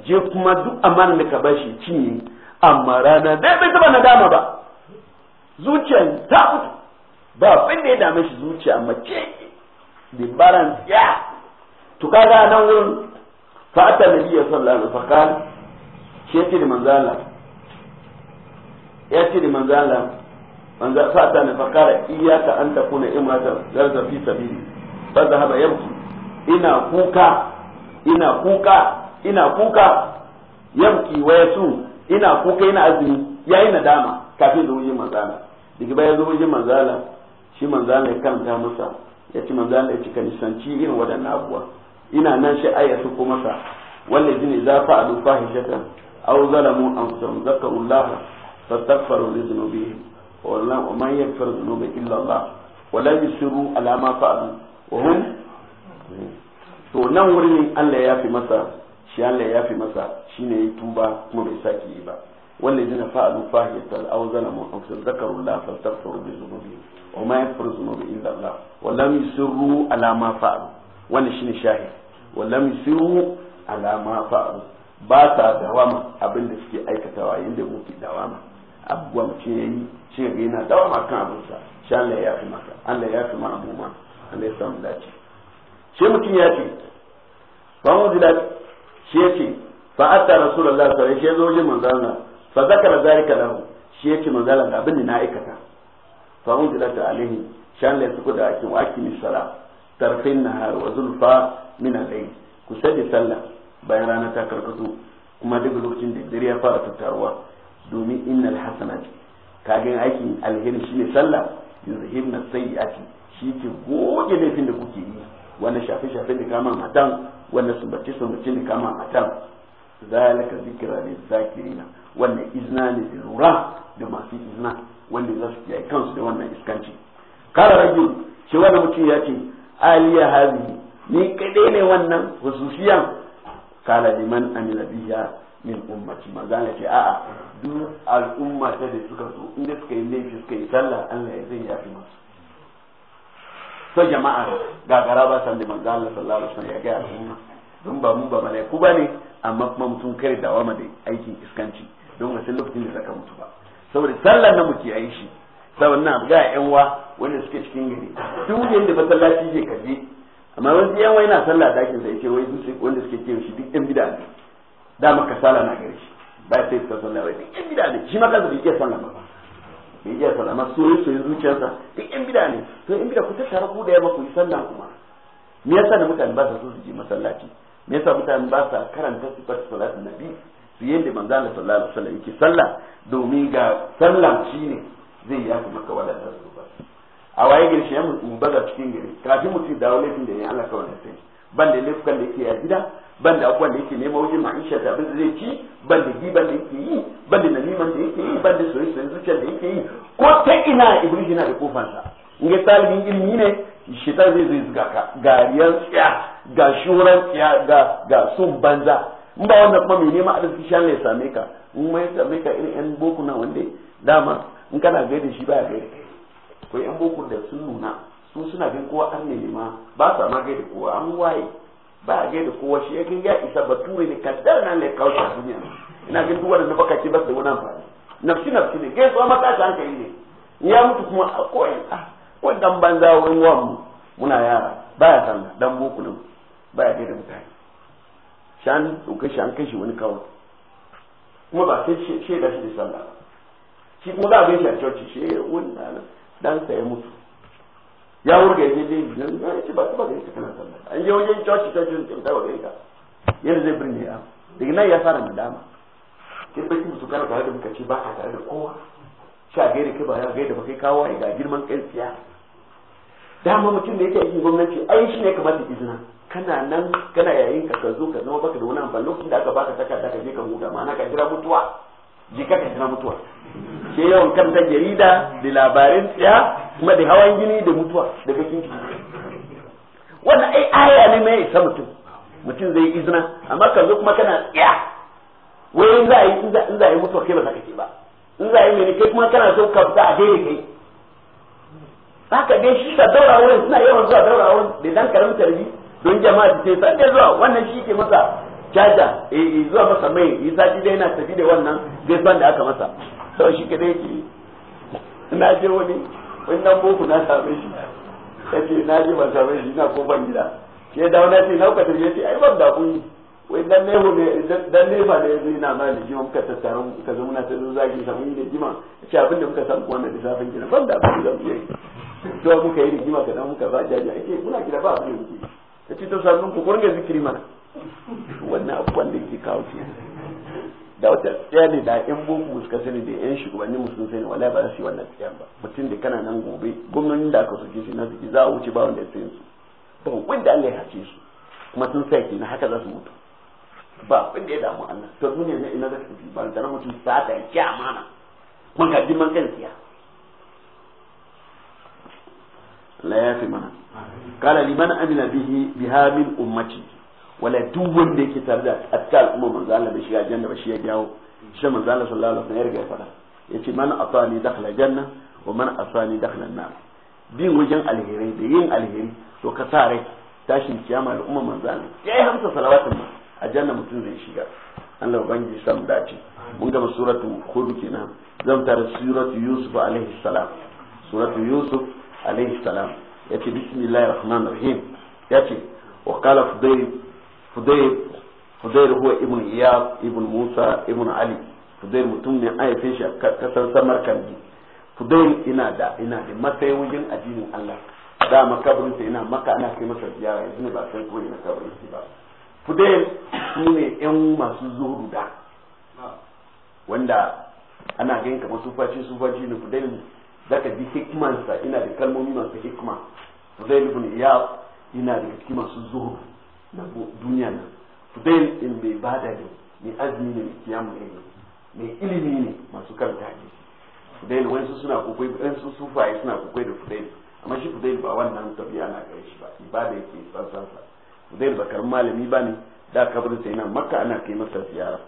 je kuma duk amana da ka ba shi cinye amma rana dai bai taba nadama ba zuciya ta fito ba abin da ya dame shi zuciya mace dimbaran ya to kaga nan wurin fa ata nabiyya sallallahu alaihi wasallam shi yace da manzala Allah yace da manzo Allah manzo fa ata ne fakara iyyaka an takuna imratan zarza fi sabili fa zahaba yabki ina kuka ina kuka ina kuka yabki wa yasu ina kuka ina azumi yayi nadama kafin zuwa manzo manzala daga baya zuwa manzo manzala. shi manzo Allah ya karanta masa ya ce manzo Allah ya cika nisanci irin waɗannan abuwa ina nan shi ayya su ko masa wanda jini za fa adu fahishatan aw zalamu anfusahum zakaru Allah fastaghfiru li dhunubihim wallahu wa man yaghfiru dhunuba illa Allah wa la yusiru ala ma fa'alu wa hum to nan wurin Allah ya fi masa shi Allah ya fi masa shine ya tuba kuma bai saki yi ba والذين فعلوا فاحشة أو ظلموا أنفسهم ذكروا الله li بذنوبهم wa ma yaghfiru bi illa Allah wa lam yusirru ala ma fa'alu wannan shine shahid wa lam yusirru ala ma fa'alu ba ta dawama abin da suke aikatawa yanda muke dawama abuwa mutum ya yi ce ga yana dawama kan sa sha Allah ya fi maka Allah ya fi ma mu ma Allah ya samu dace shi mutum ya ce fa mu shi ya ce fa atta rasulullahi sallallahu alaihi wasallam shi ya zo wajen manzon fa zakara zalika lahu shi ya ce manzon abin da na aikata fahun jilata alaihi shan la yasuku da akin wakin sala tarfin nahar wa zulfa min alayhi kusa sadi sallah bayan rana ta karkato kuma daga lokacin da dare ya fara tattaruwa domin innal hasanat kagan aikin alheri shine sallah yuzhibna sayyi'ati shi ke goge laifin da kuke yi wanda shafe-shafe da kama matan wanda sumbace-sumbace da kama matan zalika zikira ne zakirina wannan izna ne da lura da masu izna wanda za su yi kansu da wannan iskanci kara rajul shi wani mutum ya ce aliya hazi ni kadai ne wannan hususiyan kala liman amila biya min ummati magana ce a'a duk al'umma ta da suka zo inda suka yi laifi suka yi sallah Allah ya zai yafi masu. so jama'a gagara ba san da manzo Allah sallallahu alaihi ya ga al'umma don ba mu ba ne ne, amma kuma mutum kare dawama da aikin iskanci don wasu lokacin da saka mutu ba saboda sallar na muke yi shi saboda na ga yan wa wanda suke cikin gari duk wujen da masallaci je ka je amma wani yan wa yana sallah dakin sai ce wai duk wanda suke kewa shi duk yan bida ne da maka sallah na gari shi ba sai ta sallah wai duk yan bida ne shi ma kansa bai iya sallah ba bai iya sallah amma soyayya soyayya zuciyarsa duk yan bida ne to yan bida ku tattara ku da yamma ku yi sallah kuma me yasa da mutane ba sa so su je masallaci me yasa mutane ba sa karanta sifar salatin nabi su yadda manzo Allah sallallahu alaihi wasallam yake sallah domin ga sallan shi ne zai yafi maka wadannan zuba a waye gidan shi mun mu baza cikin gari kafin mutum dawo laifin da ya Allah kawai sai ban da laifukan da yake a gida ban da abubuwan da yake nema wajen ma'aisha da abin da zai ci ban da giban da yake yi ban da naliman da yake yi ban da soyayyen zuciyar da yake yi ko ta ina iblis yana da kofansa in ga talibin ilimi ne shi zai zai zuga ka ga riyan tsiya ga shuran tsiya ga ga sun banza in ba wanda kuma mai neman arziki shan ya same ka in ya same ka irin yan boko na wanda dama in kana gaida shi ba baya gaida kai ko yan boko da sun nuna su suna bin kowa an ne nema ba sa ma gaida kowa an waye ba a gaida kowa shi ya ya isa bature ne kaddar nan ne kawo ta duniya ina gin duk wanda baka ce ba da wani amfani nafsi nafsi ne a mata ta hankali ne ya mutu kuma a koyi a ko dan banza wurin wan mu muna yara Ba ya san dan boko nan baya gaida mutane shan ɗauka shi an kashi wani kawai kuma ba sai shaida shi da sallah shi kuma za a gaishe a coci shi wani dan sa ya mutu ya wurga ya je nan ya ce ba ba gaishe kana sallah an yi wajen coci ta ce ta ba gaishe yadda zai birni ya daga nan ya fara nadama sai baki musu kana tare da muka ce ba ka tare da kowa sha gaida kai ba ya gaida ba kai kawo ga girman kai siya dama mutum da yake aikin gwamnati ai shi ne kamar da izina kana nan kana yayin ka zo ka zama baka da wani amfani lokacin da aka baka takarda ka je ka huta ma'ana ka jira mutuwa je ka jira mutuwa ke yawan karanta jarida da labarin tsaya kuma da hawan gini da mutuwa da bakin ki wannan ai aya ne mai isa mutum mutum zai izina amma ka zo kuma kana tsaya wai in za a yi in za a yi mutuwa kai ba za ka ce ba in za a yi mene kai kuma kana so ka fita a daidai kai haka dai shi ta daura wurin suna yawan zuwa daura wurin da dan karamin tarbi don jama'a su ce sai zuwa wannan shi ke masa caja eh, eh zuwa masa mai yi sati dai yana tafi da wannan san da aka masa sau shi ke dai ke na je wani wannan boko na same shi yace na je ban same shi na kofar gida ke dawo na ce nauka tafi yace ai ban da kun wai dan neho ne dan nefa ne zai na ma da jima muka tattaru ka zama na tazo zaki da mun da jima ce abin da muka samu wannan safin gida ban da kun zan yi to muka yi rigima kadan muka ba jaji ake muna gida ba abin da muke ya ce ta sannun ku kurga zikiri mana wannan abubuwan da ke kawo ke da wata tsaya ne da yan boko suka sani da yan shugabanni musulun sani wala ba za su yi wannan tsayan ba mutum da kana nan gobe gwamnonin da aka soke shi na suke za a wuce ba wanda ya sayin su ba wanda Allah ya hace su kuma sun sa na haka za su mutu ba abin da ya damu Allah to mun ne ina za su tafi ba da mutum sa ta ya amana man ka bi man kan siya la ya fi mana kala liman amila bihi biha min ummati wala duk wanda yake tare da atta al'umma manzo Allah da shi aljanna ba shi ya jawo shi manzo Allah sallallahu alaihi wasallam ya riga ya fada yace man atani dakhala janna wa man asani dakhala an-nar bin wajen alheri da yin alheri to ka sa rai tashin kiyama al'umma manzo Allah yayi hamsa salawatin ma aljanna mutum zai shiga Allah ubangiji sam dace mun gama suratu hud kenan zan tare suratu yusuf alaihi salam suratu yusuf alaihi salam ya ce bismillahir rahmanir rahim ya ce wa qala fudayr fudayr fudayr huwa ibn iyad ibn musa ibn ali fudayr mutum ne a haife shi a kasar samarkandi fudayr ina da ina da matsayin wajen addinin Allah da makabarin sa ina maka ana kai masa ziyara yanzu ba sai ko ina kabarin ba fudayr su ne yan masu zuhudu da wanda ana ganin kamar sufaci sufaci ne fudayr zaka ji hikmansa ina da kalmomi masu hikma zai ibn Iyad ina da cikin masu zuhud na duniya nan Fudail in bai bada ne mai azumi ne mai kiyamu ne mai ilimi ne masu karanta ne Fudail wasu suna kokoi wasu sufaye suna kokoi da Fudail amma shi Fudail ba wannan tabi'a na gare shi ba ibada yake tsantsan sa Fudail ba karin malami ba ne da kabarin sa yana Makka ana kai masa ziyara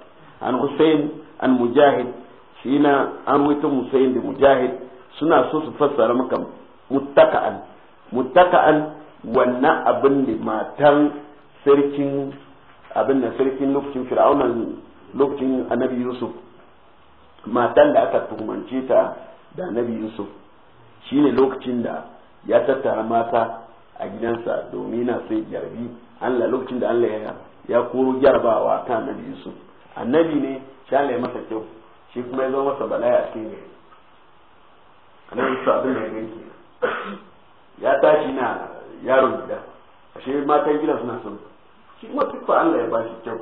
an Hussein an Mujahid shi na an wuta Hussein da Mujahid suna so su fassara maka muttaka'an muttaka'an wannan abin da matan sarkin abin da sarkin lokacin fir'aunan lokacin annabi yusuf matan da aka tuhumance ta da annabi yusuf shine lokacin da ya tattara mata a gidansa domin na sai jarbi allah lokacin da allah ya ya koro jarabawa ta annabi yusuf annabi ne ya masa kyau shi kuma ya zama masa bala'i a cikin nan su abin da ya ganki ya tashi na yaron gida ashe matan gida suna son shi kuma fa Allah ya bashi kyau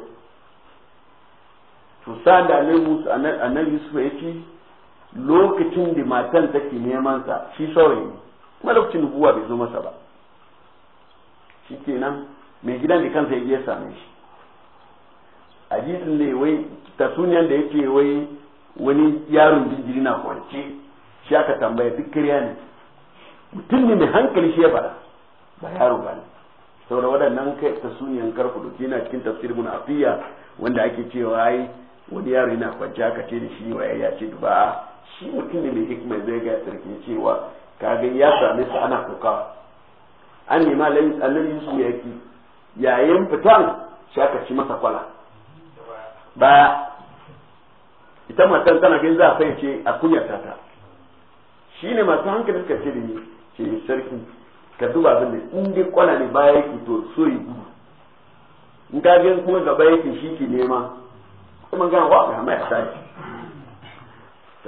to sa da ne musu annabi Yusuf ya ci lokacin da matan take neman sa shi saurayi ne kuma lokacin buwa bai zo masa ba shikenan mai gidan da kansa ya je same shi hadisin ne wai tasuniyan da yake wai wani yaron jinjiri na kwance shi aka tambaya duk kariya ne mutum ne mai hankali shi ya faɗa ba yaro ba ne saboda waɗannan kai ta suniyan karku da na cikin tafsir mun afiya wanda ake cewa ai wani yaro yana kwanciya aka ce da shi wa ya ce ba shi mutum ne mai hikima zai ga sarki cewa kaga ya same su ana kuka an nema annabi Yusuf ya ki yayin fitan shi aka ci masa kwala ba ita matan tana ganin za a fahimce a kunyata ta shi ne masu hankali suka ce da ni ce sarki ka duba abin da in dai kwana ne baya yake to so yi gudu in ka biyan kuma gaba yake shi ke nema kuma ga wa ga mai sai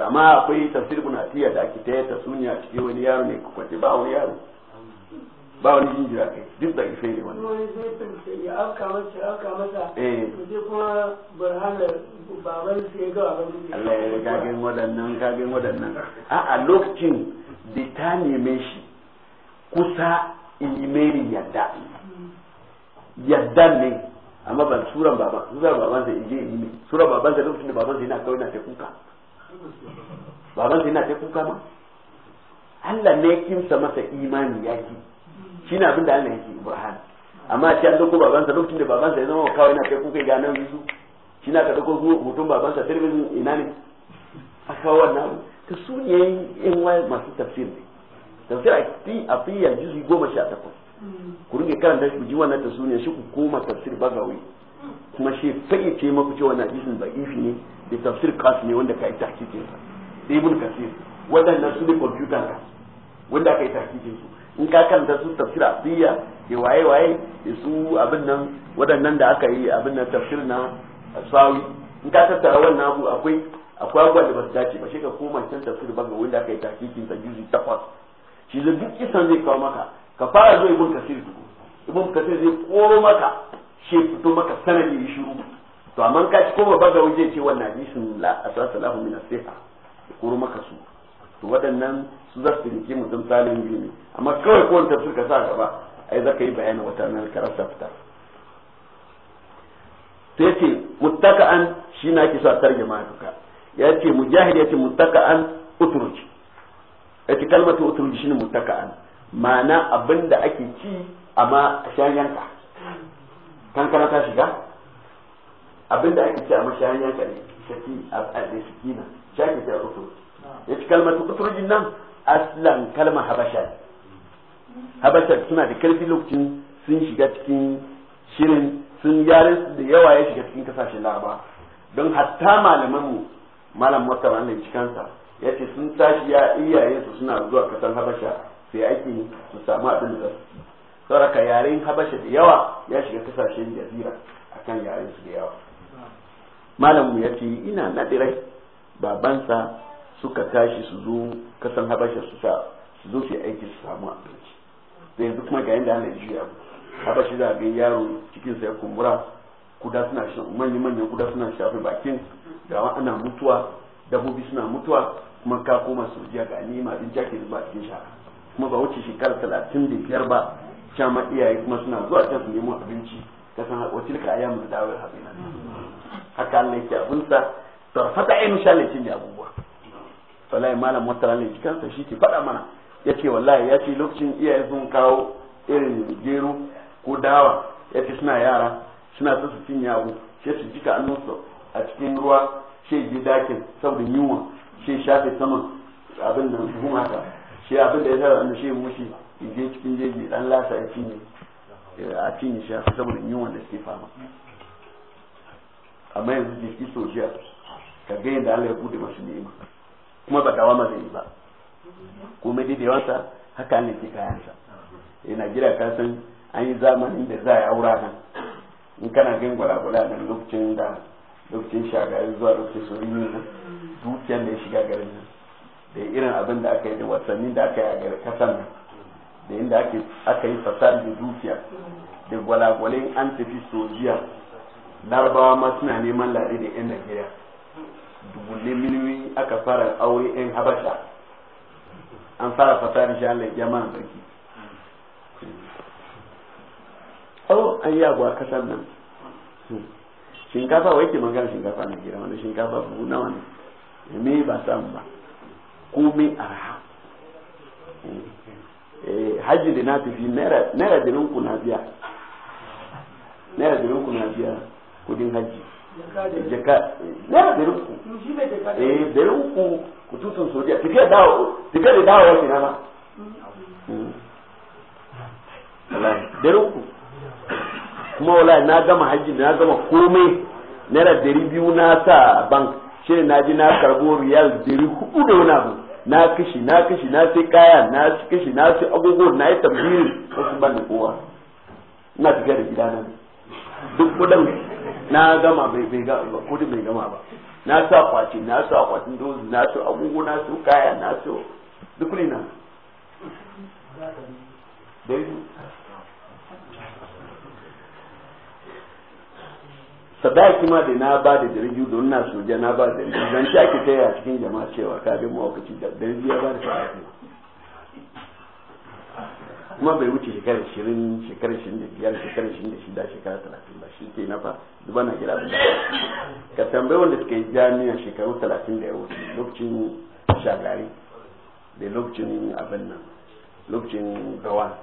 amma akwai tafsir bunatiya da ake ta suniya cikin wani yaro ne kwace ba wani yaro ba wani jinjira kai duk da ife ne wani ya afka masa ya afka masa eh sai kuma burhana baban sai ga baban Allah ya ga gin wadannan ga gin wadannan a a lokacin da ta neme shi kusa imeri yadda yadda ne amma ban suran baba suran baban sai ije yi suran baban sai lokacin da baban sai na kawai na ta kuka baban sai na ta kuka ma Allah ne kimsa masa imani yaki shine abin da Allah yake burhan amma a cikin an dauko babansa lokacin da babansa ya zama kawai na kai kuka ga nan su. shi na ka dauko hoton babansa talabijin ina ne a kawo wannan abu ta su ne yan waye masu tafsir ne tafsir a fi a fi ya su goma sha takwas ku rinke karanta shi ku ji wannan sunye shi ku koma tafsir bagawi kuma shi fayyace maku cewa na jisun ba ifi ne da tafsir kas ne wanda ka yi tahkikin sa da ibn kasir wadannan su ne kwamfutan ka wanda ka yi tahkikin su in ka karanta su tafsir asiya ke waye waye su abin nan waɗannan da aka yi abin nan tafsir na sawi in ka tattara wannan abu akwai akwai abubuwan da ba su dace ba shi ka koma can tafsir ga wanda aka yi tahqiqin sa ta takwas shi da duk isan zai kawo maka ka fara zo ibn kasir duku ibn kasir zai koro maka shi fito maka sanadi ya shiru to amma ka ci koma banga ya ce wannan hadisin la asasa min asiha ya koro maka su to waɗannan su za su taimake mutum salin biyu ne amma kawai kowane tafsir ka sa gaba ai za ka yi bayani wata nan karar rasa fita Ta yace an shi na ke sa tarjama duka ya ce mujahid ya ce an utruj ya ce kalmatu utruj shine an, ma'ana abinda ake ci amma a shan yanka kankana ta shiga abinda ake ci amma ma yanka ne shaki a da sakina shaki ta utruj ya ce kalmatu utrujin nan aslan kalma habasha habasha suna da karfi lokacin sun shiga cikin shirin sun su da yawa ya shiga cikin kasashen laraba don hatta malaman mu malam wata wannan cikansa ya ce sun tashi ya iyayen su suna zuwa kasan habasha sai ake su samu abin da sauraka yaren habasha da yawa ya shiga kasashen jazira akan yaren su da yawa malam mu ya ce ina nadirai babansa suka tashi su zo kasan habasha su sa su zo su yi aiki su samu abinci da yanzu kuma ga yanda ana juya habashi za a ga yaro cikin sa ya kumbura kuda suna shan manyan manyan kuda suna shafe bakin wa ana mutuwa dabbobi suna mutuwa kuma ka koma sojiya ga ni ma din jake zuwa cikin shara kuma ba wuce shekara talatin da biyar ba can ma iyaye kuma suna zuwa can su nemo abinci kasan wacce ka ayyamu da dawar hazina haka Allah yake abinsa tarfata sha shalacin cin abubuwa wallahi malam wata ne jikansa shi ke faɗa mana ya ce wallahi ya ce lokacin iyaye sun kawo irin gero ko dawa ya ce suna yara suna so su cin yawo sai su jika annunsu a cikin ruwa sai je dakin saboda yunwa sai shafe saman abin nan buhun haka sai abin da ya tara da sai mushi je cikin jeji dan lasa ya cinye a cinye shi saboda yunwa da suke fama amma yanzu jiki sojiya ka ga yadda Allah ya bude masu ni'ima kuma ba dawama zai yi ba kuma da yawansa haka ne ke kayansa yana jira ka san an yi zamanin da za a aura nan in kana gan gwalagwala nan lokacin da lokacin shagari zuwa lokacin soyayya nan dukiyar da ya shiga garin nan da irin abin da aka yi da wasannin da aka yi a garin kasan nan da inda aka yi fasad da dukiya da gwalagwalin an tafi sojiya larabawa ma suna neman lare da yan najeriya dubulle miliyoyi aka fara aure yan habasha an fara fasari shi Allah ya mana sarki au an yi abuwa kasar nan shinkafa wai ke magana shinkafa na gida wani shinkafa buhu wani ne me ba samu ba komai arha eh, hajji da na tafi naira dirin ku na biya naira dirin ku na biya kudin hajji jaka uku uku sojiya dawo da dawo kuma wala na gama hajji na gama komai naira dari biyu na sa bank shi na ji na karbo riyal dari hudu da wani abu na kashi na kashi na sai kaya na kashi na sai agogo na yi tabbiri wasu ban da kowa ina tafiya da duk na gama bai bai ga kudi bai gama ba na sa kwaci na sa kwatin dozu na so agogo na so kaya na so duk ne nan sadaki ma da na ba da jirgi don na soja na ba da jirgi don shi ake taya cikin jama'a cewa ka bi mawakaci da jirgi ya ba da sadaki kuma bai wuce shekarar shirin shekarar shirin da biyar shekarar shirin da shida shekarar talatin shi ke nafa duba na kira da ka tambayi wanda suka yi jami'a shekaru talatin da yau lokacin shagari da lokacin abin nan lokacin gawa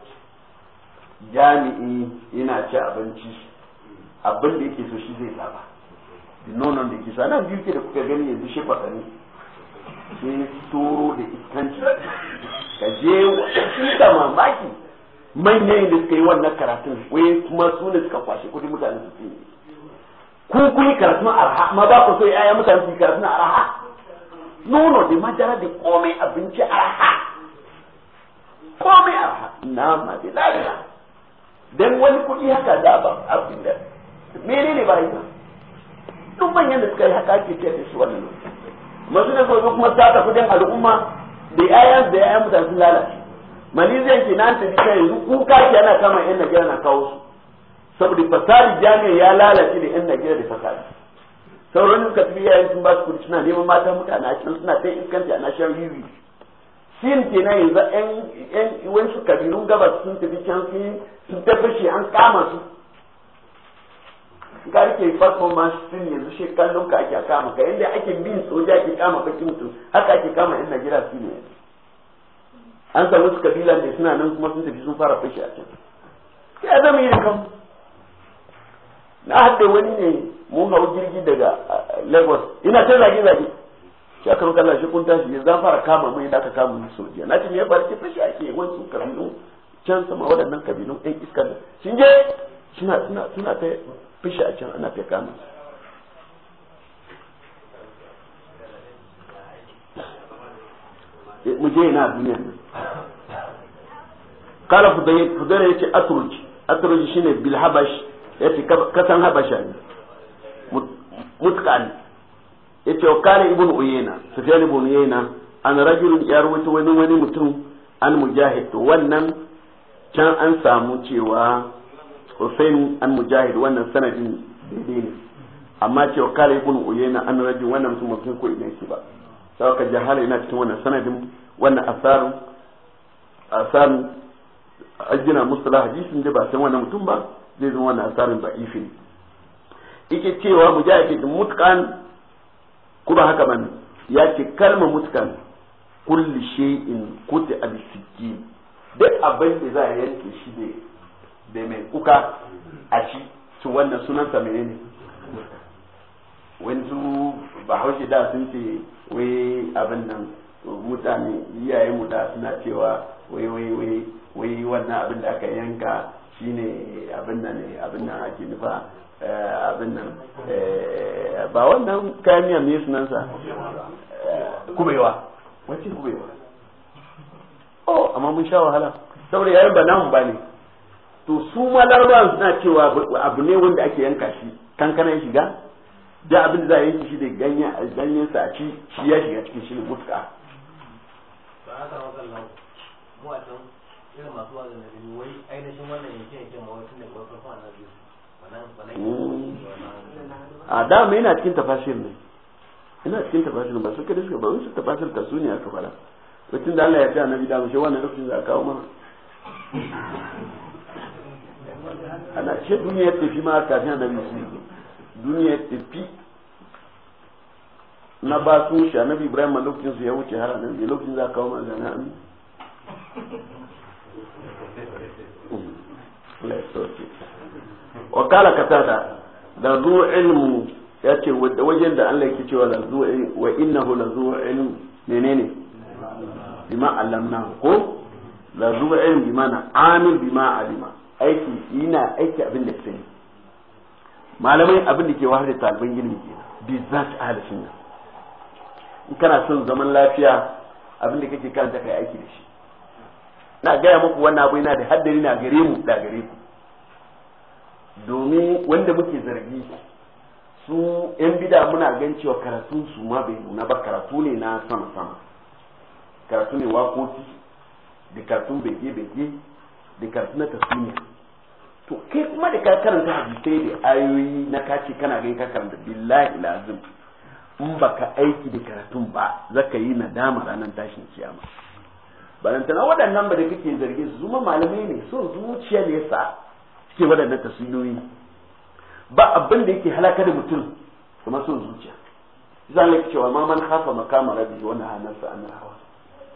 jami'i yana ci abinci abin da yake so shi zai saba da nonon da yake sana biyu ke da kuka gani yanzu shi kwatsani sai toro da iskanci ka je wa shi da mamaki manyan da suka yi wannan karatun wai kuma su ne suka kwashe kudi mutane su fi ku kun yi karatun arha ma ba ku so yaya mutane su yi karatun arha nono da madara da komai abinci arha komai arha nama da lafiya dan wani kudi haka da ba abin da mene ne ba yi duk manyan da suka yi haka ke ce da su wannan masu da kuma ta tafi dan al'umma da yayan da yayan mutane sun lalace Malaysia ke nan tafi ta yanzu kuka ke ana kama yan najeriya na kawo su saboda fasari jami'a ya lalace da yan najeriya da fasari sauran suka tafi yayin sun ba su kudi suna neman mata mutane a can suna kai iskanta ana shan wiwi sin ke nan yanzu yan su kabilun gabas sun tafi can sun ta fashe an kama su ka rike fasfon ma sin yanzu shi kallon ka ake kama ka yanda ake bin soja ake kama bakin mutum haka ake kama yan najeriya su ne yanzu an samu su kabila da suna nan kuma sun tafi sun fara fashi a can sai a zama yin kan na haɗe wani ne mun hau jirgi daga lagos ina ta zage zage shi aka ruka lashe kun tashi ya za fara kama mai da aka kama mai sojiya na ce me ya faru ce fashi ake wancan kabilu can sama waɗannan kabilun ɗan iskar da sun je suna suna suna ta fashi a can ana ta kama eh, mu je ina duniyan nan kala ya fudayra yace atruj shi ne bil habash yace kasan habasha ne mutqan yace wa kala ibnu uyayna sufyan ibnu uyayna an rajulun ya rawaito wani wani mutum an mujahid to wannan can an samu cewa Hussein an mujahid wannan sanadin daidai ne amma cewa kala ibn uyayna an rajin wannan mutum mutum ko ina shi ba sai ka jahala yana cikin wannan sanadin wannan asarin asarun. ajina musala hadisin da ba san wannan mutum ba zai zama wannan asarin ba ifi yake cewa mujahid mutkan ku ba haka bane ya ce kalma mutkan kulli shay'in kuti sikki duk abin da za a yanke shi ne da mai kuka a ci to wannan sunan sunansa menene wanzu ba hauke da sun ce wai abin nan mutane iyayen mu da suna cewa wai wai wai wai wannan abin da aka yanka shine abin nan ne abin nan ake nufa eh, abin nan eh, ba wannan kayan miya sunan sa eh, kubewa wace kubewa oh amma mun sha wahala saboda yayin ba namun bane to su ma ruwan suna cewa abu ne wanda ake yanka shi kankanan shiga da abin da za a yanki shi da ganyen sa a ci shi ya shiga cikin shi ne muska wajen irin masu wajen na biyu wai ainihin wannan yanke yanke ma wasu ne kawai farkon annabi a dama yana cikin tafashin ne ina cikin tafashin ba su kada suka ba wasu tafashin ta su ne aka fara lokacin da Allah ya ce annabi da mu shi wannan lokacin za a kawo mana ana ce duniya ta fi ma ka kafin annabi su duniya ta fi na ba su shi annabi Ibrahim lokacin su ya wuce har annabi lokacin za a kawo mana zana wa kala ka tada da zu ilmu ya ce wajen da Allah yake cewa lazu wa innahu lazu ilmu menene bima allamna ko lazu ilmu bima na amin bima alima aiki ina aiki abin da sani malamai abin da ke wahala talibin ilmi ke bizzat ahli sunna in kana son zaman lafiya abin da kake kanta kai aiki da shi na gaya muku wannan abu yana da haddari na gare mu da gare ku domin wanda muke zargi su yan bida muna gan cewa karatun su ma bai nuna ba karatu ne na sama sama karatu ne wakoki da karatu bege bege da karatu na tasmiya to kai kuma da ka karanta hadisai da ayoyi na kace kana gani ka karanta billahi lazim in baka aiki da karatun ba zaka yi nadama ranar tashin kiyama balantana waɗannan ba da kake zargi su zuma malamai ne son zuciya ne yasa suke waɗannan tasiriyoyi ba abin da yake halaka da mutum kuma son zuciya zan laifi cewa ma man hafa makama rabi wani sa an hawa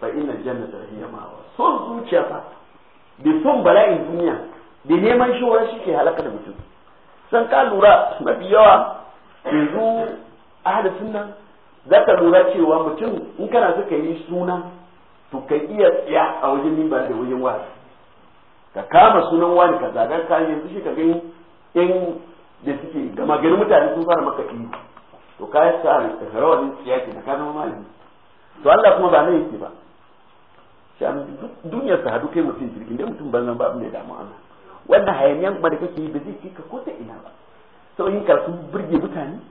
fa ina janna da hiya mawa son zuciya fa da son bala'in duniya da neman shawara shi ke halaka da mutum san ka lura mafi yawa yanzu hada sunna za ka lura cewa mutum in kana suka yi suna to ka iya tsiya a wajen mimba da wajen wani ka kama sunan wani ka zagar ka yanzu shi ka gani in da suke gama gani mutane sun fara maka iya to ka yi sa rawar din tsiya ke da ka zama malami to Allah kuma ba nan yake ba shi duniyar sa hadu kai mutum jirgin dai mutum banzan babu mai damu ana wanda hayaniyan kuma da kake yi ba zai kika ko ta ina ba sau yin karatu burge mutane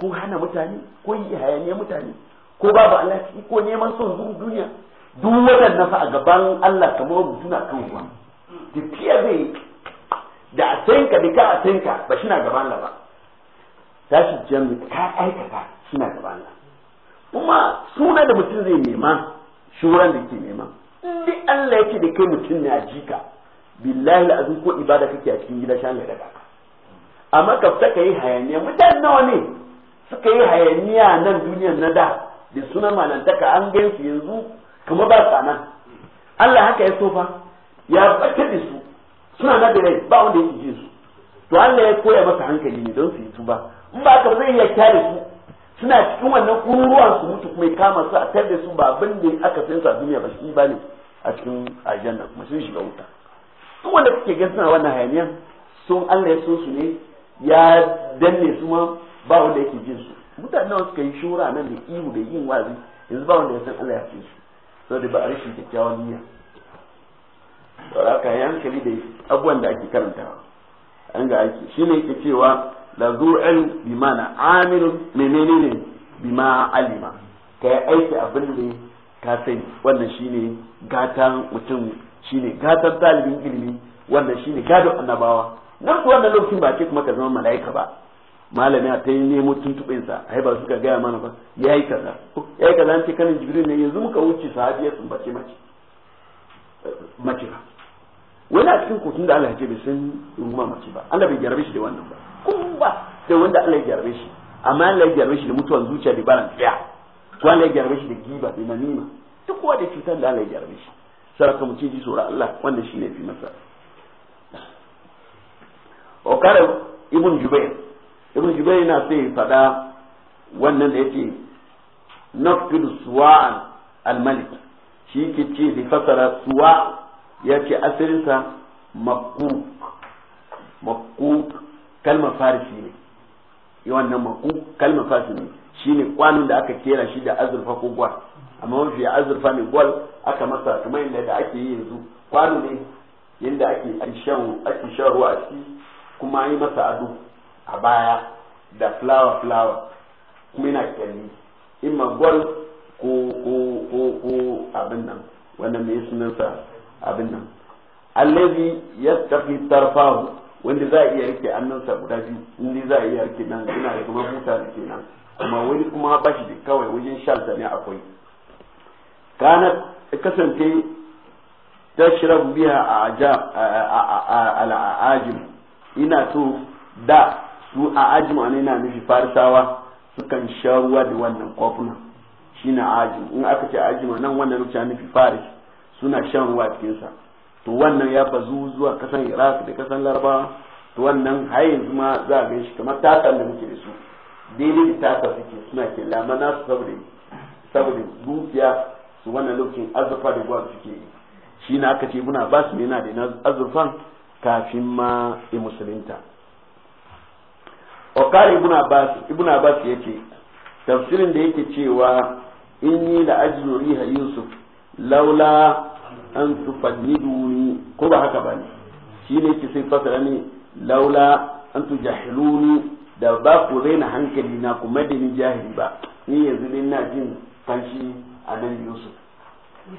ko hana mutane ko yi hayaniya mutane ko babu Allah ko neman son duniya duk waɗannan fa a gaban Allah kamar wanda suna kan ruwa tafiya zai da a sanka da ka a sanka ba shi na gaban Allah ba shi jami ka aikata shi na gaban Allah kuma suna da mutum zai nema shuran da ke nema in Allah yake da kai mutum ne a jika billahi al'azim ko ibada kake a cikin gida shan daga amma ka fita ka yi hayaniya mutane nawa ne suka yi hayaniya nan duniyar na da da suna malantaka an gaisu yanzu kamar ba sa nan Allah haka ya sofa ya batar da su suna na da rai ba wanda ya ji su to Allah ya koya masa hankali ne don su yi tuba in ba ka zai iya kyale su suna cikin wannan kururuwan su mutu kuma ya kama su a tar da su ba abin da aka san sa duniya ba shi ba ne a cikin aljanna kuma sun shiga wuta duk wanda kuke ga suna wannan hayaniya sun Allah ya so su ne ya danne su ma ba wanda yake jin su mutanen suka yi shura nan da ihu da yin wazi yanzu ba wanda ya san Allah ya ce su da ba a rashin kyakkyawan niyya saboda haka hankali da abubuwan da ake karantawa an ga aiki ne yake cewa la zu'al bi mana amilun menene ne bi ma alima kai aiki abin da ka sani wannan ne gatan mutum shi ne. gatan talibin ilimi wannan ne. gado annabawa nan kuwa wannan lokacin ba ce kuma ka zama mala'ika ba malami a ta yi nemo tuntuɓinsa a ai ba suka gaya mana ba yi kaza ya yi kaza an ce kanin jibril ne yanzu muka wuce sahabiya sun bace mace mace ba wani a cikin kotun da Allah ya ce bai san ruma mace ba Allah bai jarabe shi da wannan ba kuma da wanda Allah ya jarabe shi amma Allah ya jarabe shi da mutuwan zuciya da baran tsaya to Allah ya jarabe shi da giba da namima duk wanda cutar da Allah ya jarabe shi saraka mu ce ji tsoron Allah wanda ne fi masa wa kare ibn jubair ibn jubair yana so ya faɗa wannan da yake nafkidu suwa al-malik shi ke ce da fasara suwa ya ce asirinsa makuk makuk kalmar farisi ne yi wannan makuk kalmar farisi ne shi ne da aka kera shi da azurfa ko gwal amma mafi azurfa ne gwal aka masa kamar yadda da ake yi yanzu kwano ne yadda ake shan ruwa a ciki kuma an yi masa ado a baya da flower flower kuma yana kyalli imma gol ko ko ko ko abin nan wannan mai sunansa abin nan allazi tafi tarfahu wanda za a iya rike annansa guda biyu inda za a iya rike nan ina da kuma buta da ke nan amma wani kuma ba shi da kawai wajen shansa ne akwai kana kasance tashrab biya a ajab ina so da su a ajima ne na nufi farisawa sukan sha ruwa da wannan kofuna na ajima in aka ce ajima nan wannan a nufi faris suna shan ruwa cikinsa to wannan ya bazu zuwa kasan iraq da kasan larabawa to wannan har yanzu ma za a gan shi kamar takar da muke da su daidai da takar suke suna ke lamana su saboda saboda dukiya su wannan lokacin azurfa da gwar suke yi shi na aka ce muna basu su mena da azurfan kafin ma ya musulunta wa kare ibn abbas ibn abbas yace tafsirin da yake cewa yi la ajlu riha yusuf laula an tufanniduni ko ba haka bane shi ne yake sai fasara ne laula an tujahiluni da ba ku raina hankali na ku madani jahili ba ni yanzu ne na jin kanshi a nan yusuf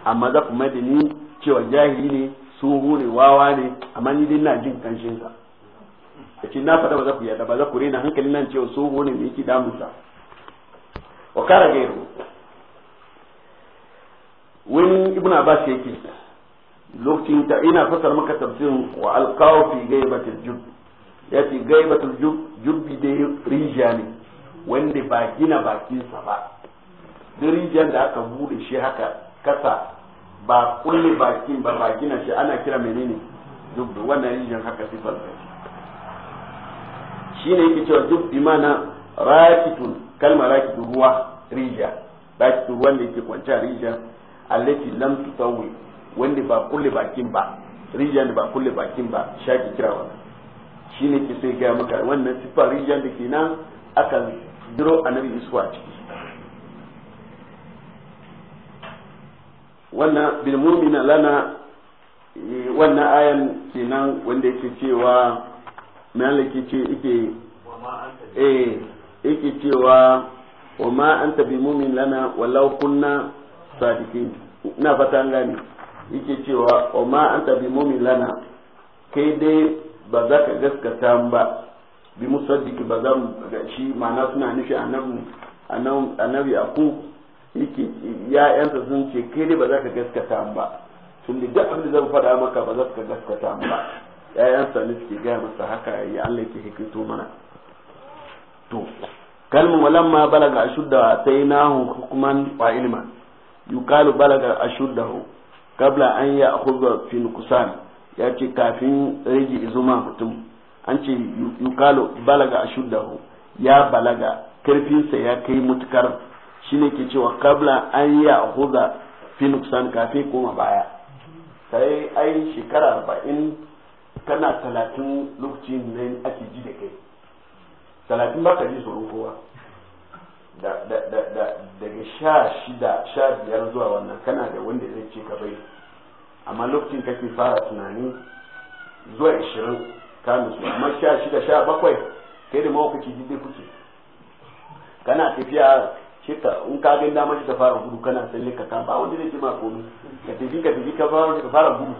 amma za ku madani cewa jahili ne sun hure wawa ne amma ni dai na jin kanshinsa kace na faɗa ba za ku yada ba za ku rena hankalin nan cewa so wani ne yake damunsa wa kara gairu wani ibn abbas yake lokacin ta ina fasar maka tafsirin wa alqaw fi gaibatil jub yace gaibatul jub jubbi da rija ne wanda ba gina bakinsa ba duk rijiyar da aka bude shi haka kasa ba kulle bakin ba ba gina shi ana kira menene duk da wannan rijiyar haka sifar da shi shine yake cewa duk imana rakitun kalmar rakitun ruwa rijiya rakitun ruwan da yake kwanciya rijiya allati lam tusawi wanda ba kulle bakin ba rijiya da ba kulle bakin ba shaki kira wannan shine ke sai ga maka wannan sifar rijiya da ke nan akan duro annabi Yusuf a ciki wannan bil mu'mina lana eh, wannan ayan kenan wanda yake cewa mai ce yake eh yake cewa wa ma anta bi mu'min lana walau kunna sadiqin ina fata an gane yake cewa wa ma anta bi mu'min lana kai dai ba za ka gaskata ba bi musaddiq ba za mu shi ma'ana suna nufi annabi annabi aku yake ya'yansa sun ce kai dai ba za ka gaskata ba tun da duk abin da zan faɗa maka ba za ka gaskata ba ‘ya’yansa ne suke gaya masa haka yi Allah yake hikito mana to kalmin walamma balaga ashudda sai nahu hukuman wa ilma kalu balaga ashuddahu kabla an ya akhudha fi nuqsan ya ce kafin rage izuma mutum an ce kalu balaga ashuddahu ya balaga karfinsa ya kai mutukar shine ke cewa kabla an ya akhudha fi nuqsan kafin koma baya sai ai shekara 40 kana talatin lokacin ne ake ji da kai talatin ba ka ji tsoron kowa daga sha shida sha biyar zuwa wannan kana da wanda zai ce ka bai amma lokacin kake fara tunani zuwa ishirin ka nusu amma sha shida sha bakwai kai da mawakaci jidai kuke kana tafiya ce ka in ka gani dama ta fara gudu kana ne ka ba wanda zai ce ma komi ka tafi ka tafi ka fara gudu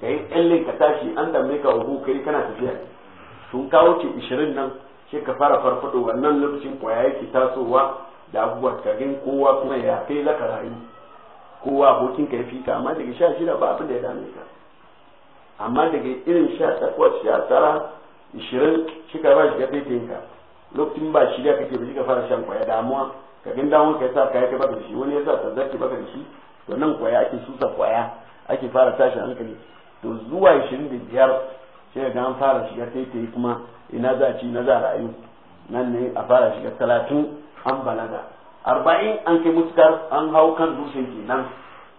kai tsalle ka tashi an mai ka uku kai kana tafiya sun kawo ce ishirin nan sai ka fara farfado wannan lokacin kwaya yake tasowa da abubuwa kagin kowa kuma ya kai laka rayu kowa abokin ka ya fi amma daga sha shida ba abin da ya dame ka amma daga irin sha takwas sha tara ishirin shika ba shi ga fetin ka lokacin ba ka kake ba shi ka fara shan kwaya damuwa ka gan damuwa ka yasa kaya ka baka da shi wani yasa tazarki baka da shi to nan kwaya ake susa kwaya ake fara tashi hankali to zuwa 25 sai ga an fara shiga taitayi kuma ina za ci na za rayu nan ne a fara shiga 30 an balaga 40 an kai mutukar an hau kan dutse kenan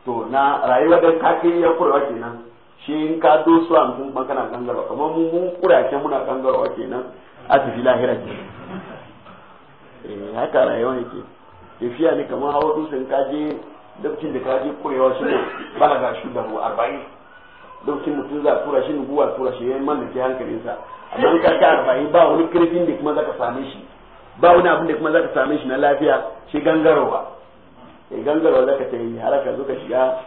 to na rayuwa da kake ya kurwa kenan shi in ka doso an kun kuma kana gangarwa kamar mu mun kurace muna gangarwa kenan a tafi lahira ke eh haka rayuwa yake tafiya ne kamar hawa dutsen kaje dabcin da kaje kurewa shi ne balaga shi da 40 lokacin mutum za a tura shi nubuwa tura shi yayin man da ke hankalinsa amma in ka ka arba'in ba wani kirfin da kuma zaka same shi ba wani abin da kuma zaka same shi na lafiya shi gangarowa eh gangarowa zaka ta yi haraka ka zo ka shiga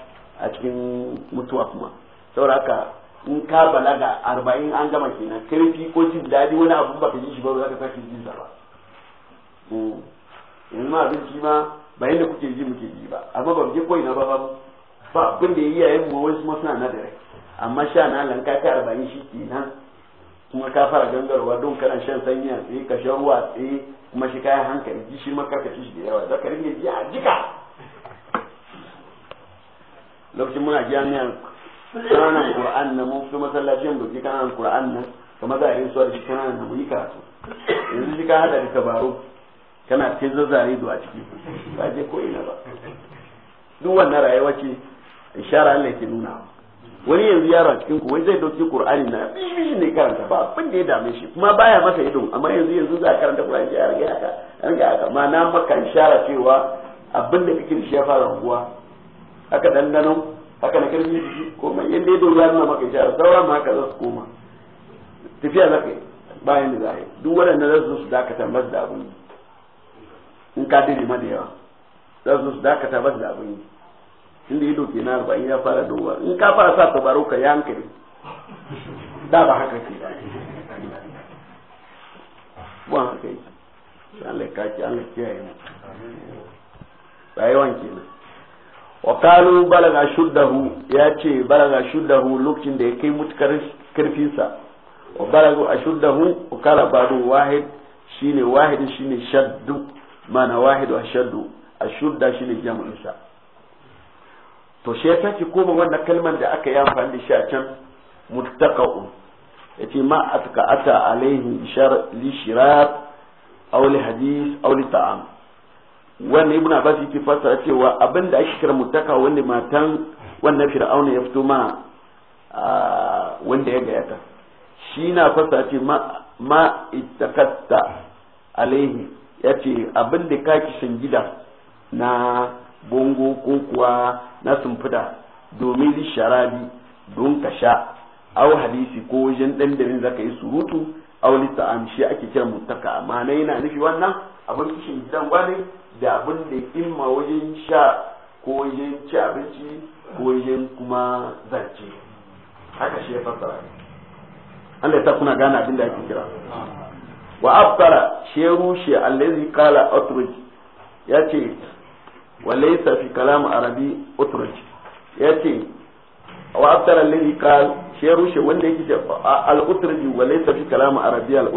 a cikin mutuwa kuma saboda in ka balaga arba'in an gama kenan kirfi ko jin daɗi wani abu ba ka ji shi ba za ka sake jin sa ba hmm. yanzu ma abinci ma ba yadda kuke ji muke ji ba amma ba mu je ko ina ba ba abin da yayi yayin mu wasu ma suna na da rai amma sha na nan ka ta arba'in shi kenan kuma ka fara gangarwa don kana shan sanyi a tsaye ka sha ruwa a tsaye kuma shi kayan hankali ji shi maka ka shi da yawa za ka ringa ji a jika lokacin muna a kananan qur'an na mun fi masallacin doki kananan qur'an nan kuma za a yi suwa da shi kananan da muni karatu yanzu shi ka hada da tabaru kana ce zazzare do a ciki ba je ko ina ba duk wannan rayuwa ce ishara Allah ke nuna wa. wani yanzu yaro a cikin ku wai zai dauki qur'ani na bishi ne karanta ba abin da ya dame shi kuma baya masa idon amma yanzu yanzu za karanta qur'ani ya rage haka an ga haka ma na maka ishara cewa abin da kake shi ya fara kuwa haka dandano haka na karfi jiki mai yanda ya dogara na maka ishara saura ma haka za su koma tafiya za ka bayan da za a yi duk waɗanda za su su dakata ba da abin in ka dire ma da yawa za su su dakata ba da abin yi inda ido ke na arba'in ya fara dowa in ka fara sa tabarau ka ya hankali da ba haka ke ba ba haka yi an ya kaki Allah kiyaye mu rayuwan kenan wa kalu balaga shuddahu ya ce balaga shuddahu lokacin da ya kai mutukar karfinsa wa balaga wa kala badu wahid shine wahid shine shaddu mana wahidu ashaddu ashudda shine jam'insa to shi ya sake koma wannan kalmar da aka yi amfani da shi a can muttaqa'un yace ma atka ata alaihi ishar li shirab aw li hadith aw li ta'am wannan ibnu abbas yake fassara cewa abinda ake kira muttaqa wanda matan wannan fir'auna ya fito ma wanda ya gayata shi na fassara ce ma ma ittaqatta alaihi yace abinda kake kaki shin gida na bongo ko kuwa na sumfuda domin zai sharabi don ka sha au hadisi ko wajen dandamin zaka yi surutu au li ta'am shi ake kira mutaka amma na yana nufi wannan abin kishin gidan gwani da abin da imma wajen sha ko wajen ci abinci ko wajen kuma zance haka shi ya fassara Allah ya sa kuna gane abin da ake kira wa abtara shi rushe allazi qala atruj yace wale ya fi kalam arabi utruj yace wa aftar alladhi qal shi rushe wanda yake al wale ya fi kalam arabi al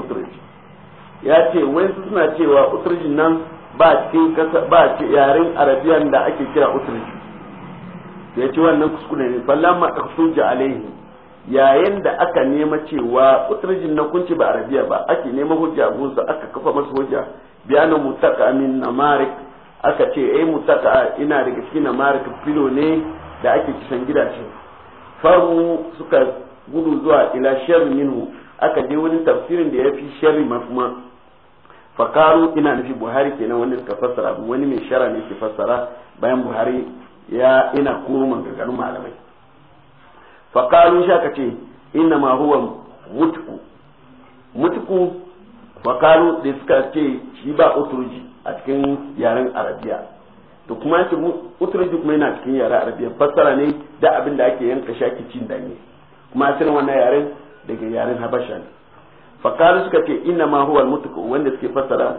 ya ce wai suna cewa utruj nan ba cikin kasa ba ce yaren arabiyan da ake kira utruj ya ce wannan kuskure ne falamma ihsuja alaihi yayin da aka nema cewa uturjin na kunci ba arabiya ba ake nema hujja gunsa aka kafa masa hujja biyanin mutaka amin na marik aka ce eh mutaka ina gaske cikin amarik filo ne da ake kisan gidaje faru suka gudu zuwa ila sharri minhu aka je wani tafsirin da ya fi sharri mafuma fakaru ina nufi buhari kenan wanda suka fassara wani mai shara ne ke fassara bayan buhari ya ina koro maganganun malamai fakaru shi aka ce inna ma huwa mutuku mutuku fakaru da suka ce shi ba oturji a cikin yaren arabiya to kuma utura duk kuma na cikin yaren arabiya fassara ne da abin da ake yanka shaki cin danye kuma asirin wannan yaren daga yaren habasha ne fakari suka ce ina ma huwa mutuku wanda suke fassara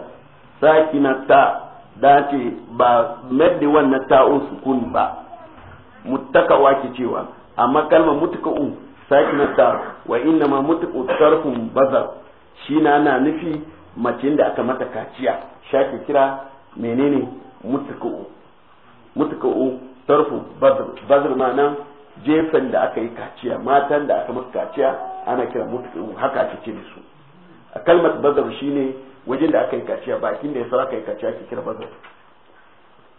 na ta da ce ba madda wannan ta'un sukun ba muttakawa ke cewa amma kalmar mutuku sakinata wa inna ma mutuku tarfun bazar shi na nufi mace da aka mata kaciya shafi kira menene mutuku mutuku tarfu bazir ma'ana jefan da aka yi kaciya matan da aka mata kaciya ana kira mutuku haka ake ce su a kalmar bazar shine wajen da aka yi kaciya bakin da ya aka yi kaciya ake kira bazar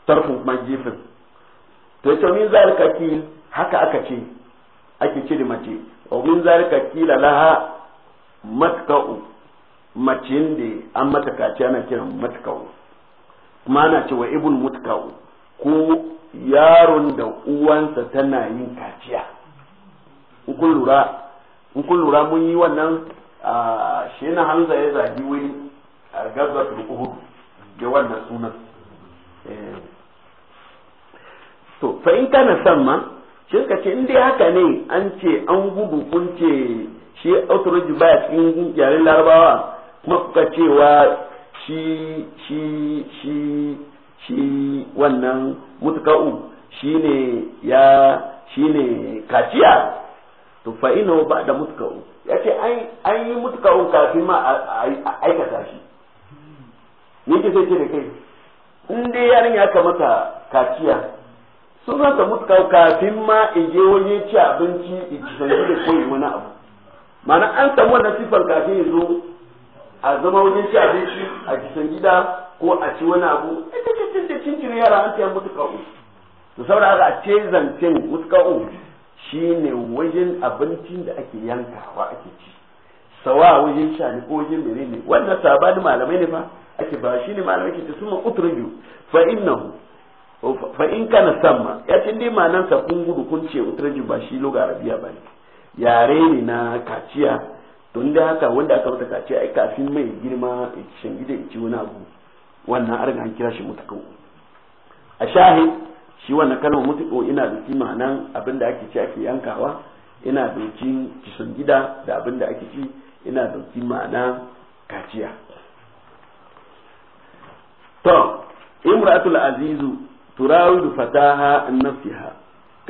tarfu ma jefen to yace min zalika ki haka aka ce ake ce da mace wa min zalika kila laha matka'u macin da an mata kaci ana kiran mutkawo kuma ana cewa ibn mutkawo ko yaron da uwansa tana yin kaciya in kun lura mun yi wannan shi na hamza ya zagi wani a gaza turkuhu da wannan sunan eh. to fa in kana san ma shi ka ce inda haka ne an ce an gudu kun ce shi autoroji baya cikin yaren larabawa kuma kuka cewa shi shi shi shi wannan mutuka'u shi ne ya shi ne kaciya to fa'inahu ba da mutuka'u ya ce an yi mutuka'u kafin ma aikata shi ne ke sai ce da kai in dai yarin ya kamata kaciya sun ta mutuka'u kafin ma je wani ci abinci ikisanci da koyi wani abu ma'ana an samu wannan sifar kafin ya zo a zama wajen ci abinci a kisan gida ko a ci wani abu ita ce cin da cin cire yara an ce mutu ka'u to saboda haka a ce zancen mutu ka'u shine wajen abincin da ake yankawa ake ci sawa wajen shani ko wajen ne wannan sabani malamai ne fa ake ba ne malamai ke ce suma utruju fa innahu fa in kana samma ya ce dai manan sa kun gudu kun ce utruju ba shi lugha arabiya ne. yare ne na kaciya don da haka wanda aka rubuta ce ai kafin mai girma shan gida ci wani abu wannan arga an kira shi mutakau a shahi shi wannan kalma mutakau ina da kima nan abin da ake ci ake yankawa ina da kishin gida da abin da ake ci ina da kima ma'ana kaciya to imratul azizu turawidu fataha annafiha nafsiha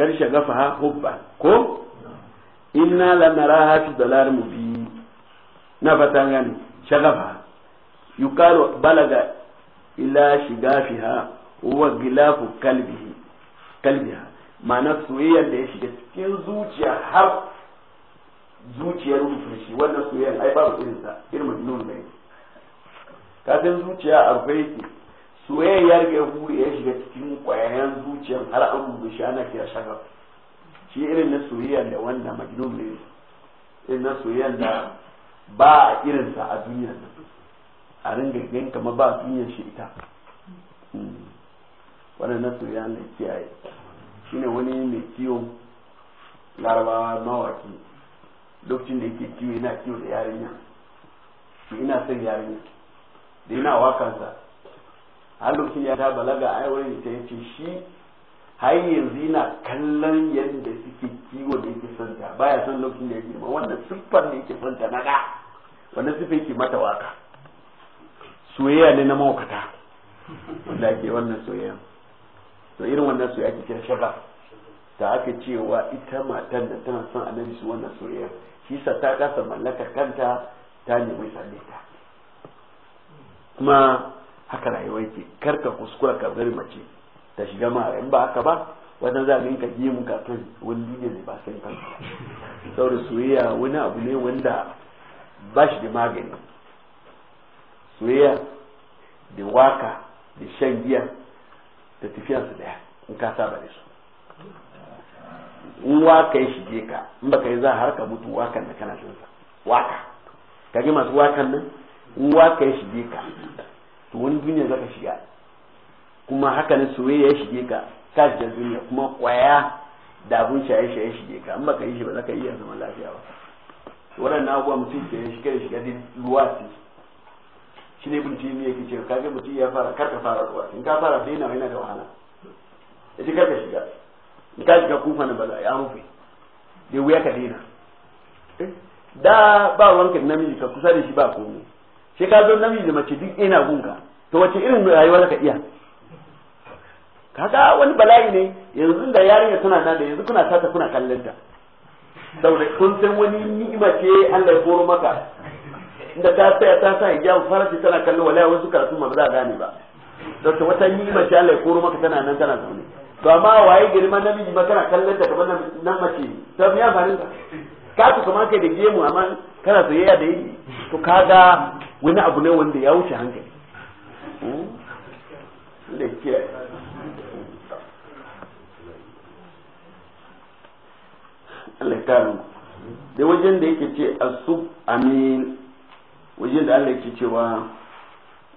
kar shagafaha hubba ko inna lanaraha fi dalal mubin na fata gani shagafa yukalu balaga ila shigafiha wa gilafu kalbihi kalbiha ma'ana soyayyar da ya shiga cikin zuciya har zuciyar shi ai sa irin da zuciya a ga ya shiga cikin kwayayen zuciyar har an rubuce shi ana irin na da wannan ba a irinsa a duniya a ringa gan kama ba duniya shi ita hmm. wannan na ya mai kiyaye shi ne wani mai kiyon larabawa mawaki lokacin da yake kiwo yana kiwo da yarinya shi ina son yarinya da yana wakansa har lokacin ya ta balaga ai wurin ta yace shi har yanzu yana kallon yadda suke kiwo da yake santa baya son lokacin da yake ma. wannan siffar da yake santa na da wannan siffar yake mata waka soyayya ne na maukata wanda ake wannan soyayya to irin wannan soyayya ake kira shaga ta aka cewa ita matan da tana son annabi su wannan soyayya shi sa ta kasa mallaka kanta ta nemi sande ta kuma haka rayuwa yake karka kuskura ka bari mace ta shiga ma in ba haka ba wata za ka ji mu ka kai wani ne ba sai kan saboda soyayya wani abu ne wanda ba shi da magani soyayya da waka da shan giya da su daya in ka saba da su in waka ya shige ka in baka yi za har ka mutu wakan da kana jin sa waka kage masu wakan nan in waka ya shige ka to wani duniya zaka shiga kuma haka ne soyayya ya shige ka ka shiga duniya kuma kwaya da abun shaye shaye shige ka an baka yi shi ba za ka iya zaman lafiya ba waɗannan abubuwa mutum ke shiga da shiga luwasi shi ne bin ne yake ce kaga mutum ya fara karka fara luwasi in ka fara daina yana da wahala yace karka shiga in ka shiga kufa na bala ya rufe da wuya ka daina eh, da ba wanka namiji ka kusa da shi ba komai sai ka zo namiji da mace duk ina gunka to wace irin rayuwa ka iya kaga wani bala'i ne yanzu da yarinya tana nan da yanzu kuna sata kuna kallon ta saboda kun san wani ni'ima ce Allah ya koro maka inda ta tsaya ta sa hijab farashi tana kallon wallahi wasu karatu ma ba za gane ba don wata ni'ima ce Allah ya koro maka tana nan tana zaune to amma waye girman namiji ma kana kallon ta kamar nan mace to me ya faru ka ka ku kamar kai da gemu amma kana soyayya da yi to kaga wani abu ne wanda ya wuce hankali da hmm? Allah ya kare da wajen da yake ce asub amin wajen da Allah yake cewa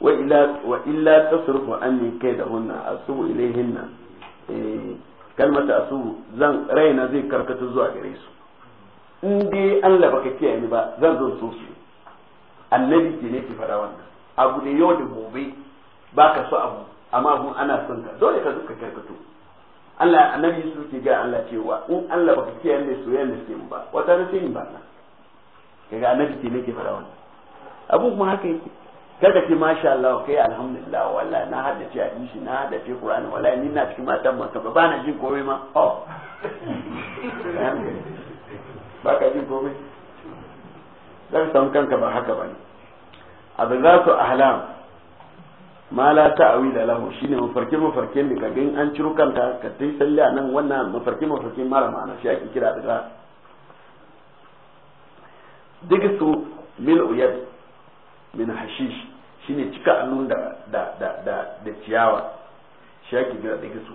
wa illa wa illa tasrifu anni hunna asubu ilayhinna eh, kalmata asubu zan raina zai karkata zuwa gare su in dai Allah baka kiyaye ni ba zan zo so su annabi ke ne ki fara wannan abu da yau da gobe baka so abu amma abun ana son ka dole ka zuka karkato Allah annabi su ke ga Allah cewa in Allah baka kiyaye ne soyayya da suke ba wata da sai ba na kaga annabi ke nake fara wannan abu kuma haka yake kada ki masha Allah kai alhamdulillah wallahi na hada ce hadisi na hada ce Qur'ani wallahi ni na cikin matan ka ba na jin komai ma oh ba ka jin komai dan san kanka ba haka bane abu za su ahlam ma la ta'wila lahu shine mafarkin mafarkin da kaga in an ciro kanta ka tai salli a nan wannan mafarkin mafarkin mara ma'ana shi ake kira daga duk su min uyad min hashish shine cika annun da da da da, da ciyawa shi ake kira daga su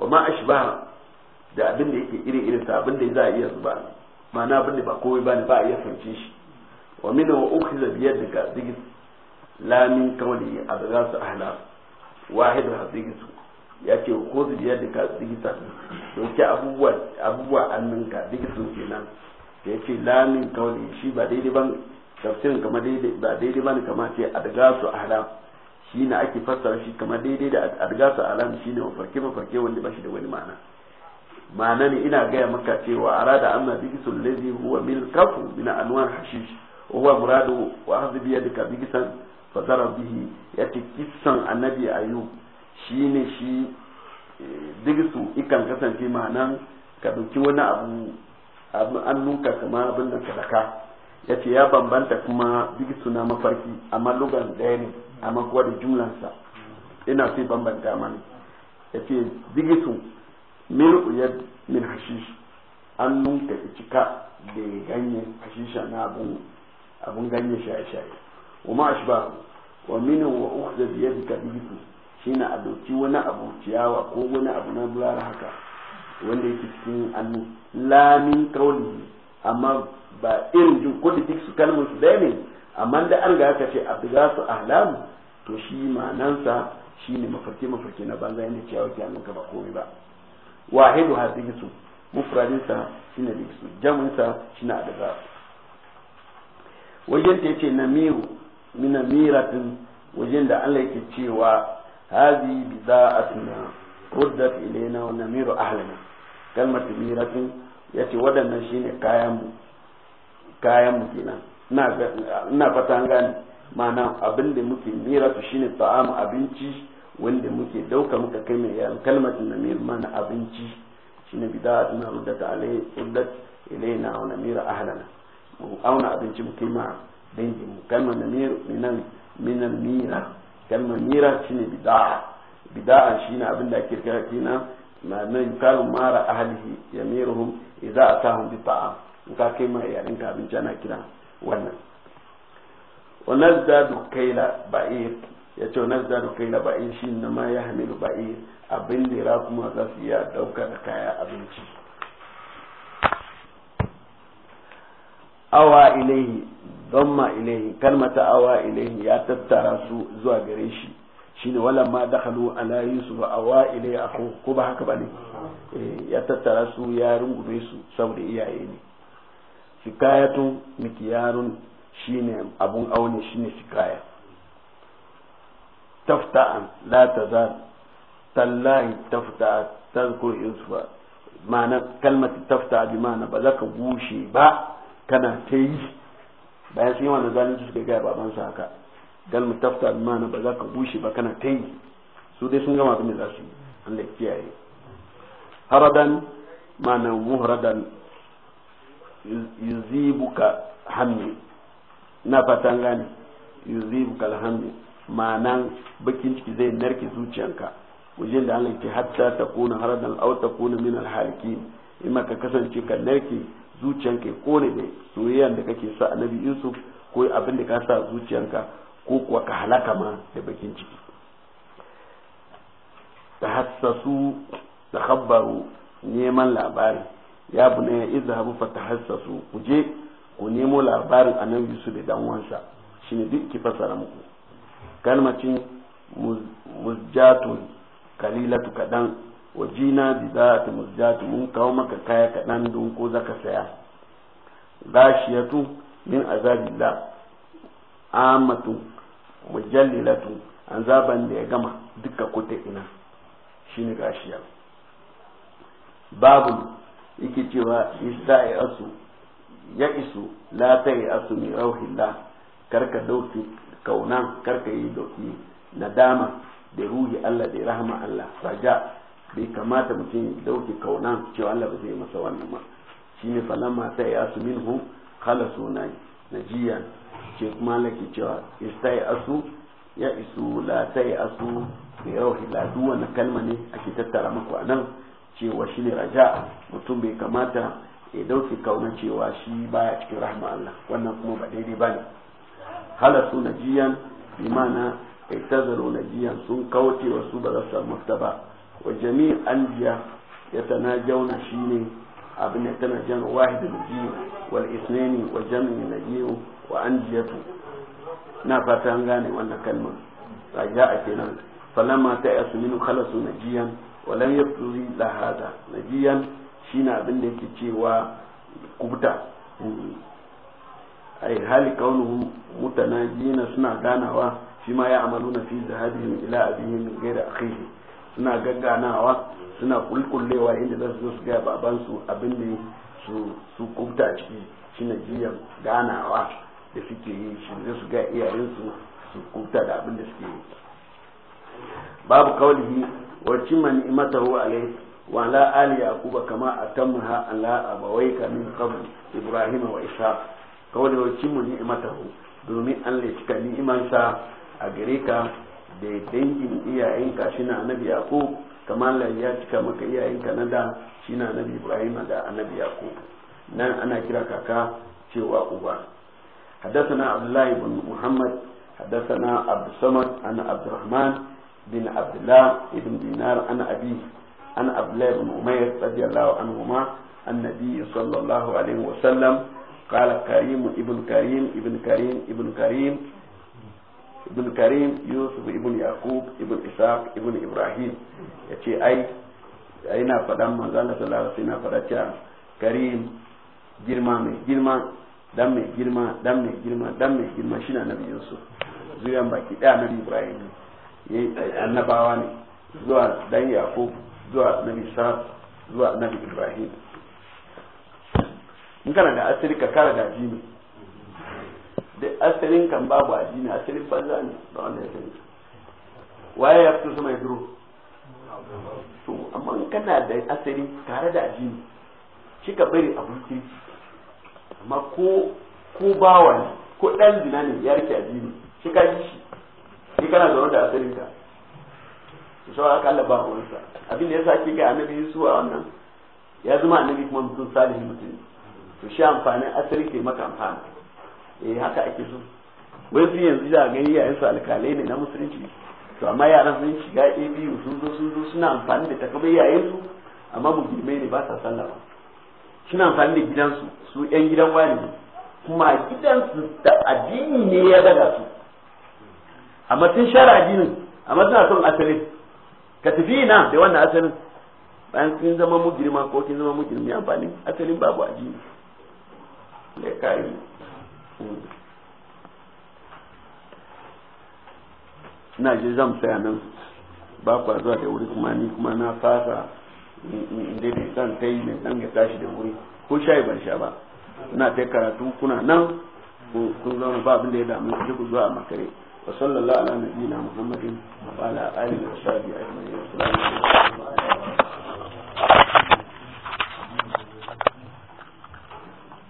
wa ma ashbaha da abin da yake iri irin sa abin da za a iya zuba ma'ana abin da ba komai ne ba a iya fanci shi wa min wa ukhiza biyadika digis la min kawli abghasu ahla wahid hadisu ya ce ko su biyar da ka zigisa don ke abubuwa annunka zigisun kenan da ya ce lamin kawali shi ba daidai ban tafsirin kama daidai ba daidai ban kama ce adga su ahram shi ne ake fassara shi kama daidai da adga su ahram shi ne mafarke mafarke wanda ba shi da wani ma'ana ma'ana ne ina gaya maka cewa arada amma zigisun lazi huwa mil kafu min anwar hashish huwa muradu wa hazbi ka zigisan fazara bihi ya ce kisan annabi ayub shi ne shi digisu ikan kasance ma'anan ka dauki wani abu an nuka kama abin da sadaka ya ce ya bambanta kuma digisu na mafarki amma lugan daya ne amma kuwa da jumlansa ina sai bambanta mana ya ce digisu mil uyad min hashish an nunka cika da ganyen hashisha na abun ganye shaye-shaye wa ma ashbahu wa min wa ukhza bi yadika bihi shine a wani abu ciyawa ko wani abu na bulara haka wanda yake cikin annu la min qawli amma ba irin jin ko da duk su kalmar su daya ne amma da an ga aka ce abgasu ahlam to shi ma'anansa shine mafarki mafarki na banza yana ciyawa ke hannun ka ba komai ba wahidu hadisu mufradinsa shine dikisu jaminsa shine adabas wajen ta yace namiru mina miratin wajen da Allah yake cewa hazi bida'atuna ruddat ilaina wa namiru ahlina kalmar miratin yace wadannan shine kayan mu kayan mu kenan ina fata an gane ma'ana abin da muke miratu shine ta'am abinci wanda muke dauka muka kai mai yaran kalmatin namir mana abinci shine bida'atuna ruddat alai ruddat ilaina wa namiru ahlina mu auna abinci muke kai ma danginmu kalmar minan minan mira kalmar mira shine bid'a bid'a shine abin da ake kira kina ma nan kalu mara ahlihi yamiruhum idza atahum bi ta'am in ka kai ma ya ka abinci ana kira wannan wa nazdadu kaila ba'ir yace wa nazdadu kaila ba'ir shine ma hamilu ba'ir abin da ra kuma za su iya dauka da kaya abinci awa ilaihi ma ilayhi kalmata awa ilayhi ya tattara su zuwa gare shi shine wala ma dakhalu ala yusuf awa ilayhi akhu ko ba haka bane eh, ya tattara su ya rungume su saboda iyaye ne shikayatun mikiyarun shine abun aune shine shikaya tafta'an la tazal tallahi tafta tazkur yusufa ma'ana kalmar tafta bi ma'ana ba za ka bushe ba kana ta yi bayan sun yi wannan zalunci suka gaya babansa haka gal mu tafta mana ba za ka bushe ba kana ta yi su dai sun gama abin da za su yi Allah ya kiyaye haradan ma'ana muhradan yuzibuka hammi na fatan yuzibu yuzibuka alhammi ma'anan bakin ciki zai narke zuciyanka wajen da Allah ya ce hatta takuna haradan aw takuna min alhalikin in ka kasance ka narke zuciyanka ya kone da soyayyan da kake sa annabi yusuf ko abin da ka sa zuciyanka ko kuwa ka halaka ma da bakin ciki tahassasu takhabbaru neman labari ya bu ne izhabu fatahassasu ku je ku nemo labarin annabi yusuf da dan wansa shine duk ki fasara muku kalmacin muzjatun kalilatu kadan wajina bi za ta musjatu mun kawo maka kaya kaɗan don ko za ka saya gashiyatu min azabillah amatu mujallilatu azaban da ya gama duka kuta ina shi ne gashiya babu yake cewa isa ya asu ya isu la ta asu mai rauhillah karka dauki kauna karka yi dauki nadama da ruhi Allah da rahama Allah raja bai kamata mutum ya dauke kauna cewa Allah ba zai masa wannan ba ne falamma ta ya su minhu khalasu na najiya ce kuma Allah ke cewa ya asu ya isu la ya asu da yau hiladu wani na kalma ne ake tattara maku anan cewa shi ne raja mutum bai kamata ya dauke kauna cewa shi baya cikin rahama Allah wannan kuma ba daidai ba bane khalasu najiya bi ma'ana na najiyan sun kauce su ba za su samu ba wa jami'in anbiya ya tana jauna shine abin da tana jan wahid ji wal isnani wa jami'in nabi wa anbiyatu na fata an gane wannan kalmar a kenan falamma ta yasu min khalasu najiyan wa lam yabturi la hada najiyan shine abin da yake cewa kubuta ai hali kaunu mutanajina suna ganawa shi ma ya amalu na fi zahabihim ila abihim gaira akhihi suna gagganawa suna kulkullewa inda za su zo su gaya babansu abin da su su kubta ciki shine jiyan ganawa da suke yi shi zai su ga iyayensu su kubta da abin da suke yi babu kaulihi wa imata hu? alai wa la ali yaquba kama atamha ala abawayka min qabl ibrahim wa ishaq kaulihi wa imata hu? domin an lecika imansa a gare ka da dangin iyayenka shi na annabi yaqub kamar ya cika maka iyayenka na da shi na annabi ibrahim da annabi yaqub nan ana kira kaka cewa uba حدثنا عبد الله بن محمد حدثنا عبد الصمد عن عبد الرحمن بن عبد الله بن دينار عن أبيه عن عبد الله بن عمير رضي الله عنهما النبي صلى الله عليه وسلم قال كريم ابن كريم ابن كريم ابن كريم ibn karim yusuf ibn yaqub ibn isaac ibn ibrahim ya ce ai ai na faɗa manzala sallallahu alaihi na faɗa cewa karim girma mai girma dan mai girma dan mai girma dan mai girma shi na nabi yusuf zuriyan baki ɗaya nabi ibrahim ne annabawa ne zuwa dan yaqub zuwa nabi isaac zuwa nabi ibrahim in kana da asiri ka kara da jini da asirin kan babu addini asirin banza ne ba wanda ya sani waye ya fito sama ya duro to amma in kana da asali tare da addini shi ka bari a kirki amma ko ko bawa ne ko dan zina ne ya rike addini shi ka ji shi shi kana zaune da asirin ka to sai aka Allah ba ruwansa abin da yasa ga annabi Yusuf a wannan ya zama annabi kuma mutum salihin mutum to shi amfanin asali ke maka amfani eh haka ake so wai su yanzu da gani yayin su alkalai ne na musulunci to amma yaran sun shiga abu sun zo sun zo suna amfani da takamai yayin su amma mujrimai ne ba sa sallah ba suna amfani da gidansu su yan gidan wani kuma gidansu da addini ne ya daga su amma sun share addinin amma suna son asalin ka tafi na da wannan asalin bayan kin zama mujrima ko kin zama mujrimi amfani asalin babu addini ne kai na je zan tsaya nan ba kwa zuwa da wuri kuma ni kuma na fasa inda ne kan ta yi mai dan ya tashi da wuri ko shayi ban sha ba na ta karatu kuna nan kun zauna ba abin da ya damu ku ku zuwa makare wa sallallahu ala nabiyina muhammadin wa ala alihi wa sahbihi ajma'in